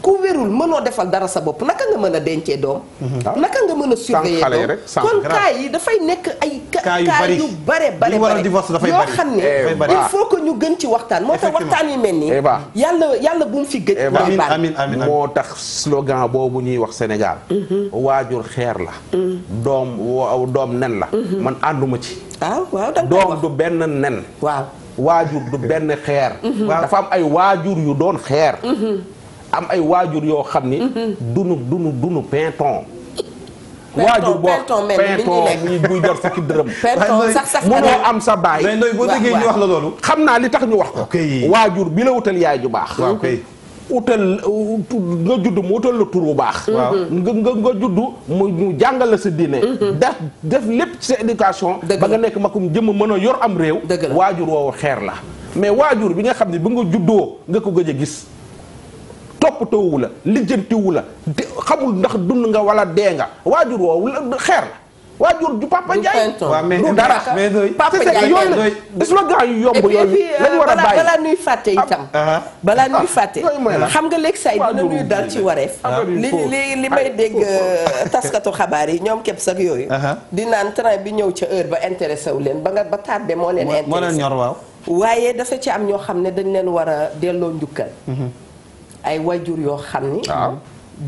ku wérul mënoo defal dara sa bopp naka nga mën a dencee doom. Mhm. Ah. naka nga mën a surveiller doom kon cas yi dafay nekk ay. cas yu bare bare bare yoo xam ne il faut que ñu gën ci waxtaan moo tax waxtaan yi mel nii. Eh yàlla yàlla bu mu fi gëj. Eh amiin amiin amiin moo tax slogan boobu ñuy wax Sénégal. Mhm. waajur xeer la. Mhm. doom doom nen la. man ànduma ci. Ah, waaw waaw da nga doom du benn nen. waaw waajur du benn xeer. dafa am ay waajur yu doon xeer. am ay waajur yoo xam ni. Mhm. dunu dunu dunu pinton. waajur boo pinton ñi buy jar fukki dërëm. pinton sax sax mënoo am sa baay. mais ndoy boo déggee ñu wax la loolu. xam naa li tax ñu wax ko. waajur bi la wutal yaay ju baax. waaw kay. utal nga juddu mu utal la tur bu baax. Mhm. nga nga nga judd mu mu jàngal la sa diine. Mhm. def def lépp ci sa éducation. ba nga nekk ma makum jëmm mën a yor am réew. waajur woowu xeer la. mais waajur bi nga xam ne bi nga juddoo nga ko gëj a gis. toppatoowu la lijjantiwu la xamul ndax dund nga wala dee nga waajur woowu xeer la waajur ju Papa Ndiaye du dara Papa Ndiaye yooyu la slogan yu yomb yooyu euh, lañu war a bàyyi balaa nuy fàtte itam balaa nuy fàtte xam nga léegi say dina nuy dal ci wareef li li li may dégg euh, taskatu xabaar yi ñoom képp sax yooyu di naan train bi ñëw ca heure ba intéressé wu leen ba nga ba tardé moo leen intéressé moo leen ñor waaw waaye dafa ci am ñoo xam ne dañ leen war a delloo njukkal mhm. ay wajur yoo xam ni.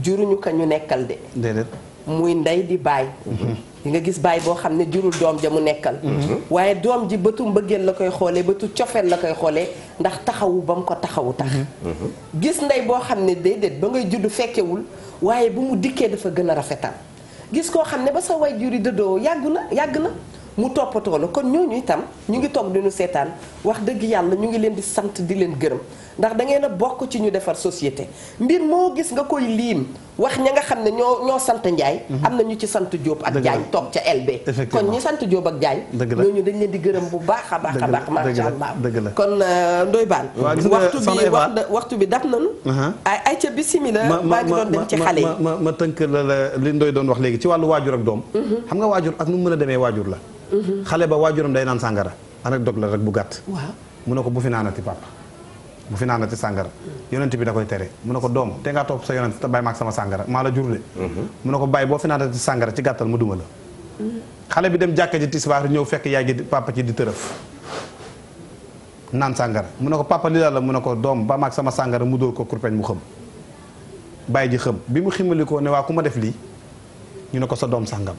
juruñu ko ñu nekkal de. déedéet muy ndey di baay. Mhm. di nga gis baay boo xam ne jurul doom ja mu nekkal. Mhm. waaye doom ji bëtu mbëggeel la koy xoolee bëtu cofeel la koy xoolee ndax taxawu ba mu ko taxawu tax. Mhm. gis ndey boo xam ne déedéet ba ngay judd fekkewul waaye bu mu dikkee dafa gën a rafetal. gis koo xam ne ba sa jur yi dëddoo yàgg na yàgg na mu toppatoo la kon ñooñu itam ñu ngi toog di seetaan wax dëgg yàlla ñu ngi leen di sant di leen gërëm. ndax da ngeen a bokk ci ñu defar société mbir moo gis nga koy liim wax ña nga xam ne ñoo ñoo sant Ndiaye. Mhm. am na ñu ci sant Diop ak Diagne toog ca LB. kon ñi sant Diop ak Diagne. ñu dañ leen di gërëm bu baax a baax a baax. macha allah kon euh, Ndoye Bane. waxtu bi waxtu bi dab nañu. Uh-huh. ay ay ca bisimila. maa ngi doon ma ma ma tënk la la li Ndoye doon wax léegi ci wàllu waajur ak doom. Mm-hmm. xam nga waajur ak nu mu mën a demee waajur la. Mm-hmm. xale ba waajuram day naan sàngara. anecdote la rek bu gàtt. waaw mu ne ko bu fi naanati papa bu fi naanati sàngara yonent bi da koy tere mu ne ko doom te ngaa topp sa yonent te bàyyi maag sama sàngara maa la jurle mhm. mu ne ko bàyyi boo fi naanati sàngara ci gàttal mu duma la xale bi dem jàkka ji tisbaar ñëw fekk yaay ji papa ci di naan sàngara mu ne ko papa li mu ne ko doom ba sama sàngara mu dóor ko kurpeñ mu xëm bàyyi ji xëm bi mu ximalikoo ne waa ku ma def lii ñu ne ko sa doom sàngam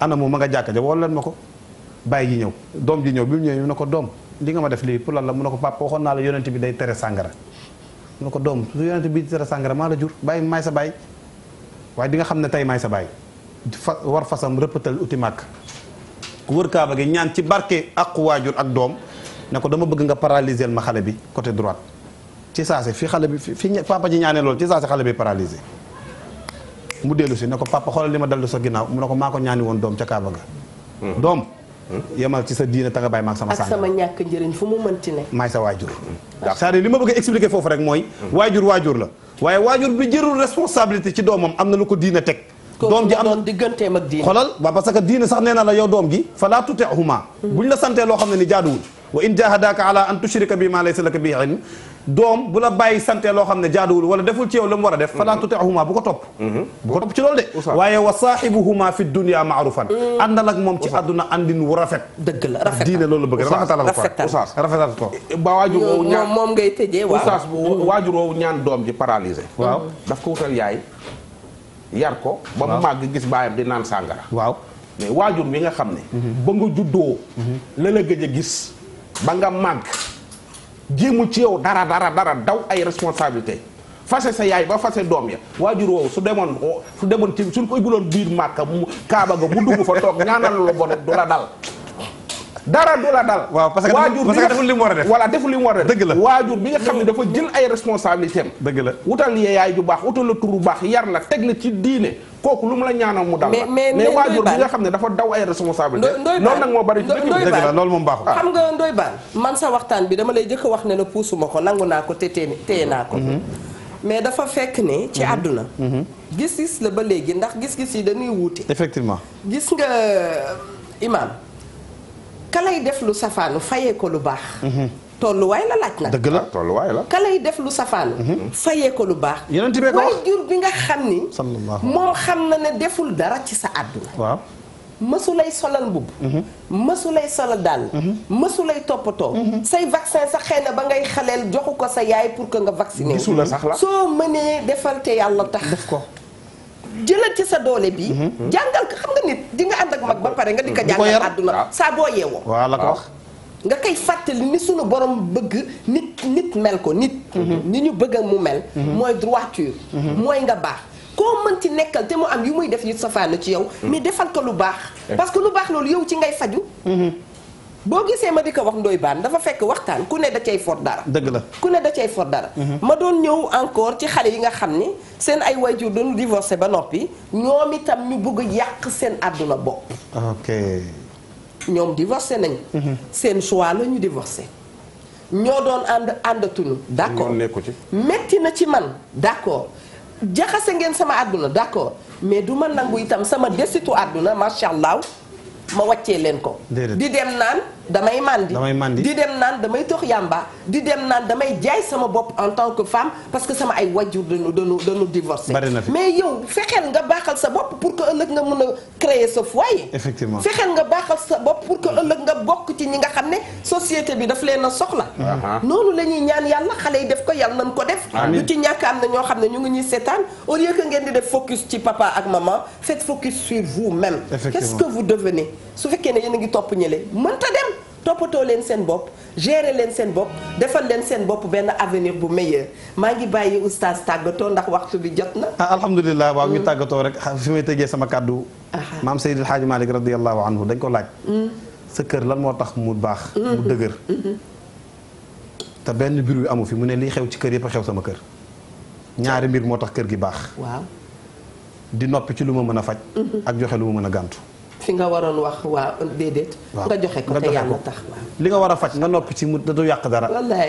ana moom ma nga jàkka ja woo leen ma ko bàyyi ji ñëw doom ji ñëw bi mu ñëwee ñu ne ko doom li nga ma def lii pour lan la mu ne ko papa waxoon naa la yonent bi day tere sàngara mu ne ko doom su yonent bi tere sàngara maa la jur bàyyi maay sa baay waaye di nga xam ne tey maay sa baay fa war fasam rëppatal uti màkk wër kaaba gi ñaan ci barke ak waajur ak doom ne ko dama bëgg nga paralyser ma xale bi côté droite ci saase fi xale bi fi papa ji ñaanee lool ci saase xale bi paralysé mu dellu si ne ko papa xoolal li ma dal sa ginnaaw mu ne ko maa ko woon doom ca kaaba hmm. doom Hmm? yemal ci sa diine ta nga bàyyi maag sama sànq. ak sama ñàkk njëriñ fu mu mënti ne. maay sa waajur. cest li ma bëgg a expliquer foofu rek mooy. Hmm. waajur waajur la waaye waajur bi jërul responsabilité ci doomam am na lu ko diina teg. doom ji am doon digganteem ak diine. xoolal waaw parce que diine sax nee na la yow doom gi fala tuti'huma hmm. buñ la santee loo xam ne ni jaaduwul wa in jahadaka ala an tushrika bi ma laysa laka bi ilm doom bu la bàyyi sante loo xam ne jaaduwul wala deful ci yow la war a def falaa mhm. tuti'huma bu ko topp mhm. bu ko topp ci loolu de waaye wa saahibuhuma fi dunya ma'rufan mm. àndal ak moom ci àdduna àndin wu rafet dëgg la rafet diine loolu bëgg rafetal oustaz rafetal to ba waajur woowu ñaan moom ngay tëjee waaw oustaz mm. waajur woowu ñaan doom ji paralysé waaw daf ko wutal yaay yar ko ba mu màgg gis baayam di naan sàngara waaw mais waajur wi nga xam ne mhm. ba nga juddoo la la gëj a gis ba nga màgg jéemul ci yow dara dara dara daw ay responsabilité fase sa yaay ba fase doom ya waajur woow su demoon su demoon ci suñ ko ibbuloon biir màkka mu kaaba ga mu dugg fa toog ñaanal lu bon du la dal dara du la dal. waaw parce que deful li mu war a def voilà deful li mu war a def. dëgg la waajur bi nga xam ne dafa jël ay responsabilités dëgg la wutal yaay ju baax wutal la tur bu baax yar la teg la ci diine kooku lu mu la ñaanal mu dal mais mais waajur bi nga xam ne dafa daw ay responsabilités. ndoy loolu nag moo bari ci dëkk bi dëgg la loolu moom baaxul. xam nga ndoy baan man sa waxtaan bi dama lay jëkk wax ne la puusuma ko nangu naa ko te téye naa ko. Mhm. mais dafa fekk ne ci mhm. àdduna mhm. gis-gis la ba léegi ndax gis-gis yi dañuy wuute effectivement gis nga euh, imam ka lay def lu safaanu fayee ko lu baax. Mhm. tolluwaay la laaj nag. dëgg la tolluwaay la. ka lay def lu safaanu. Mhm. fayee ko lu baax. yeneen waay jur bi nga xam ni. moom xam na ne deful dara ci sa àdduna. waaw. mësu solal mbubb mhm. mësu lay solal dàll mësu lay toppatoo say vaccin sax xëy na ba ngay xaleel joxu ko sa yaay pour que nga vacciner gisu la sax la soo mënee defal te yàlla tax def ko jëlal ci sa doole bi mhm. jàngal ko xam nga nit di nga ànd ak mag ba pare nga di ko adduna àdduna saa boo yeewoo nga koy fàttali ni sunu borom bëgg nit nit mel ko nit mhm. ni ñu bëgg mu mel mhm. mooy droiture mooy nga baax koo mën ci nekkal te mu am yu muy def yu safaanu ci yow mais defal ko lu baax eh. parce que lu baax loolu yow ci ngay faju boo gisee ma di wax ndoy baan dafa fekk waxtaan ku ne da cay for dara. dëgg la ku ne da cay for dara. Mhm. ma doon ñëw encore ci xale yi nga xam ne seen ay wayjur doon divorcé ba noppi ñoom itam ñu bëgg yàq seen àdduna bopp. ok. ñoom divorcé nañ mhm. seen choix la ñu divorcé. ñoo doon ànd àndatuñu. d'accord nekku ci. metti na ci man d'accord. jaxase ngeen sama àdduna d'accord mais du ma nangu itam sama desitu àdduna macha allah. ma wàccee leen ko. di dem naan. damay màndi damay màndi di dem naan damay tox yàmba di dem naan damay jaay sama bopp en tant que femme parce que sama ay wajjur dañu dañu dañu divorcé mais yow fexeel nga baaxal sa bopp pour que ëllëg nga mun a créer sa foyer effectivement fexeel nga baaxal sa bopp pour que ëllëg nga bokk ci ñi nga xam ne société bi daf leen a soxla uh-huh. noonu la ñuy ñaan yàlla xale yi def ko yàlla nañ ko def lu ci ñàkk am na ñoo xam ne ñu ngi ñuy seetaan au lieu ngeen di def focus ci papa ak maman faites focus sur vous-même qu'est-ce que vous devenez su fekkee ne yéen a ngi topp ñële mënta dem toppatoo leen seen bopp gérer leen seen bopp defal leen seen bopp benn avenir bu meilleur maa ngi bàyyi oustaz tàggatoo ndax waxtu bi jot na. ah alhamdulilah waaw ñu mm. tàggatoo rek ah, fi may tëjee sama kàddu. maam Seydi El Hadji Malick radiyallahu anhu dañ ko laaj. Mm. sa kër lan moo tax mu baax. Mm-hmm. mu dëgër. Mm-hmm. te benn mbir wi amu fi mu ne liy xew ci kër yëpp a xew sama kër. ñaari mbir moo tax kër gi baax. waaw di noppi ci lu ma mën a faj. Mm-hmm. ak joxe lu ma mën a gàntu. fi nga waroon wax waaw déedéet. nga joxe ko te war a faj ci mu du yàq dara.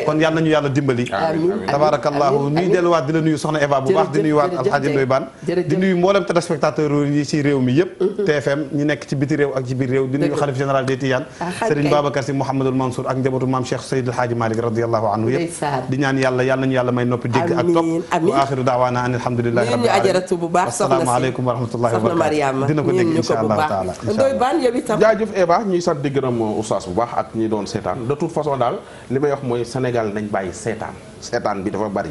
kon yàlla nañu yàlla dimbali. amiin amiin tabaarakallaahu nuy delluwaat di la nuyu soxna Eva bu baax. di nuyuwaat Alxaaji Ndoy Baan di nuyu mboolem téléspectateur yi ci réew mi yëpp. TFM mm-hmm. ñi nekk ci biti réew ak ci biir réew. di nuyu xalif général des Tidianes. Ah, Serigne Babacar Sy Mouhamadul Mansour ak njabootu maam Cheikh Seydil Hadji Malick radiyallahu anhu yëpp. di ñaan yàlla may noppi dégg ak topp wa aaxiru daawaana an alhamdulillahi rabbil aalamiin. asalaamaaleykum wa ko dégg incha allah doy baan yow itam jaajëf Eva ñuy sant di gërëm oustaz bu baax ak ñi doon seetaan de toute façon daal li may wax mooy Sénégal nañ bàyyi seetaan seetaan bi dafa bari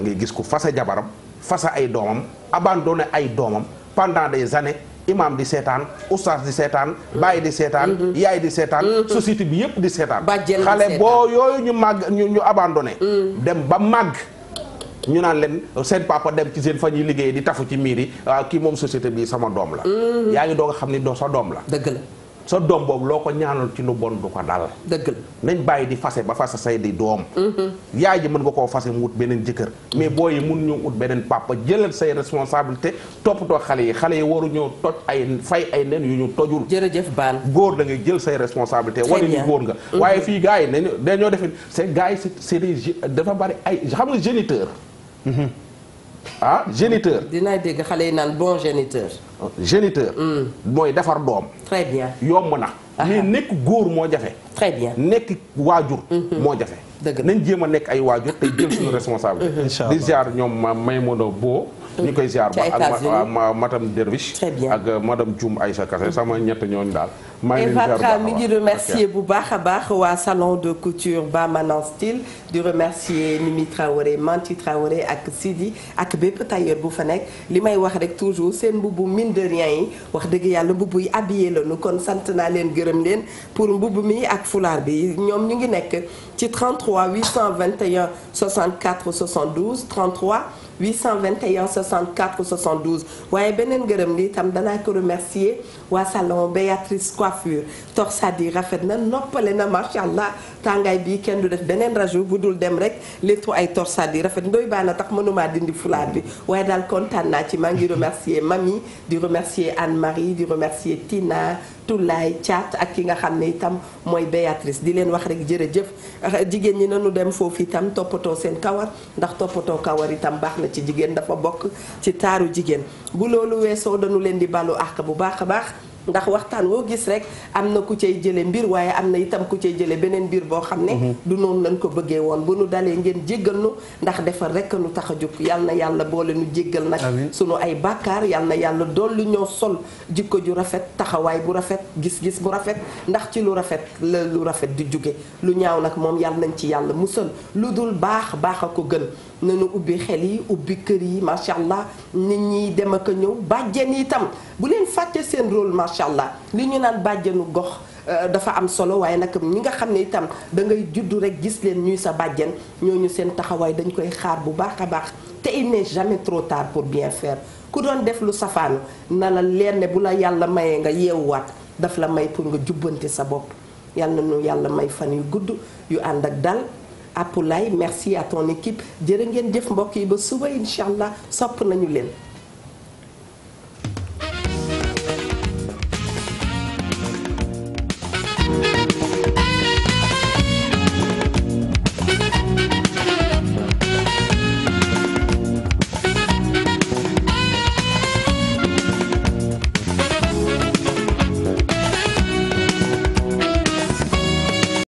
ngay gis ko fasa jabaram fase ay doomam abandonné ay doomam pendant des années imam di seetaan oustaz di seetaan baay di seetaan mm-hmm. yaay di seetaan mm-hmm. société bi yëpp di seetaan xale boo yooyu ñu màgg ñu abandonné mm. dem ba màgg ñu naan leen seen papa dem ci seen fa ñuy liggéey di tafu ci miir yi ah, kii moom société bi sama doom la mm-hmm. yaa ngi doo a xam ne doo sa doom la dëgg la sa doom loo ko ñaanal ci lu bon du ko dal dëgg la nañ bàyyi di fase ba fase say di doom mm-hmm. yaay ji mën nga koo fase mu wut beneen jëkkër mais booy yi mun ñu ut beneen papa jëlal say responsabilité toppatoo xale yi xale yi waru ñoo toj ay fay ay nen yu ñu tojul jërëjëf baal góor da ngay jël say responsabilité wane ni góor nga waaye mm-hmm. fii gars yi nañu dañoo defe c'est gars yi c'est dafa bari ay xam nga géniteur Mm-hmm. ah géniteur. dinaa dégg xale yi naan bon géniteur. géniteur. Mm. mooy defar doom. très bien yomb na. Ah. mais nekk góor moo jafe. très bien nekk waajur. Mm-hmm. moo jafe. dëgg nañ jéem a nekk ay waajur te jël suñu responsabilité. Mm-hmm. incha allah ñoom ziar ñoom Maymouna Bo. Mm. ñu koy ziar ba ak madame Derviche. très bien ak euh, madame ay Aïssa Kassé sama ñett ñooñu daal. Evatra mi ngi remercier bu baax a baax waa salon de couture ba Manan Style di remercier Mimi Traoré Manti trawaree ak Sidi ak bépp tailleur bu fa nekk li may wax rek toujours seen mbubu mine de rien yi wax dëgg yàlla mbubu yi habillé la nu kon sant naa leen gërëm leen pour mbubb mi ak fulaar bi ñoom ñu ngi nekk ci 33 821 64 72 821 64 72 waaye beneen gërëm li itam danaa ko remercier waa salon Béatrice coiffure torsade yi rafet na noppale na macha allah tàngaay bii kenn du def beneen rajo bu dul dem rek léttu ay torsade yi rafet ndoy baa na tax mënumaa dindi fulaat bi waaye daal kontaan naa ci maa ngi remercier Mami di remercier Anne-Marie di remercier Tina Tullaay caat ak ki nga xam ne itam mooy Béatrice di leen wax rek jëf jigéen ñi nanu dem foofu itam toppatoo seen kawar ndax toppatoo kawar itam baax na ci jigéen dafa bokk ci taaru jigéen bu loolu weesoo dañu leen di balu àq bu baax a baax ndax waxtaan woo gis rek am na ku cay jële mbir waaye am na itam ku cay jële beneen mbir boo xam ne mhm. du noonu lañ ko bëggee woon bu nu dalee ngeen jéggal nu ndax defar rek tax a jóg yal na yàlla boole nu jéggal nag sunu ay bàkkaar yal na yàlla lu ñëw sol jikko ju rafet taxawaay bu rafet gis-gis bu rafet ndax ci lu rafet la lu rafet di jóge lu ñaaw nag moom yal nañ ci yàlla musal lu dul baax baax a ko gën nañu ubbi xel yi ubbi kër yi macha allah nit ñi dem ak ñëw bàjjen yitam bu leen fàtte seen rôle macha allah li ñu naan bàjjenu gox euh, dafa am solo waaye nag ñi nga xam ne itam da ngay juddu rek gis leen ñuy sa bàjjen ñooñu seen taxawaay dañ koy xaar bu baax a baax te il jamais trop tard pour bien fair ku doon def lu safaanu na la leer ne bu la yàlla mayee nga yeewuwaat daf la may pour nga jubbante sa bopp yàlla nu yàlla may fan yu gudd yu ànd ak dal Apoulaye merci à ton équipe jërë ngeen jëf mbokk yi ba suba incha allah sopp nañu leen.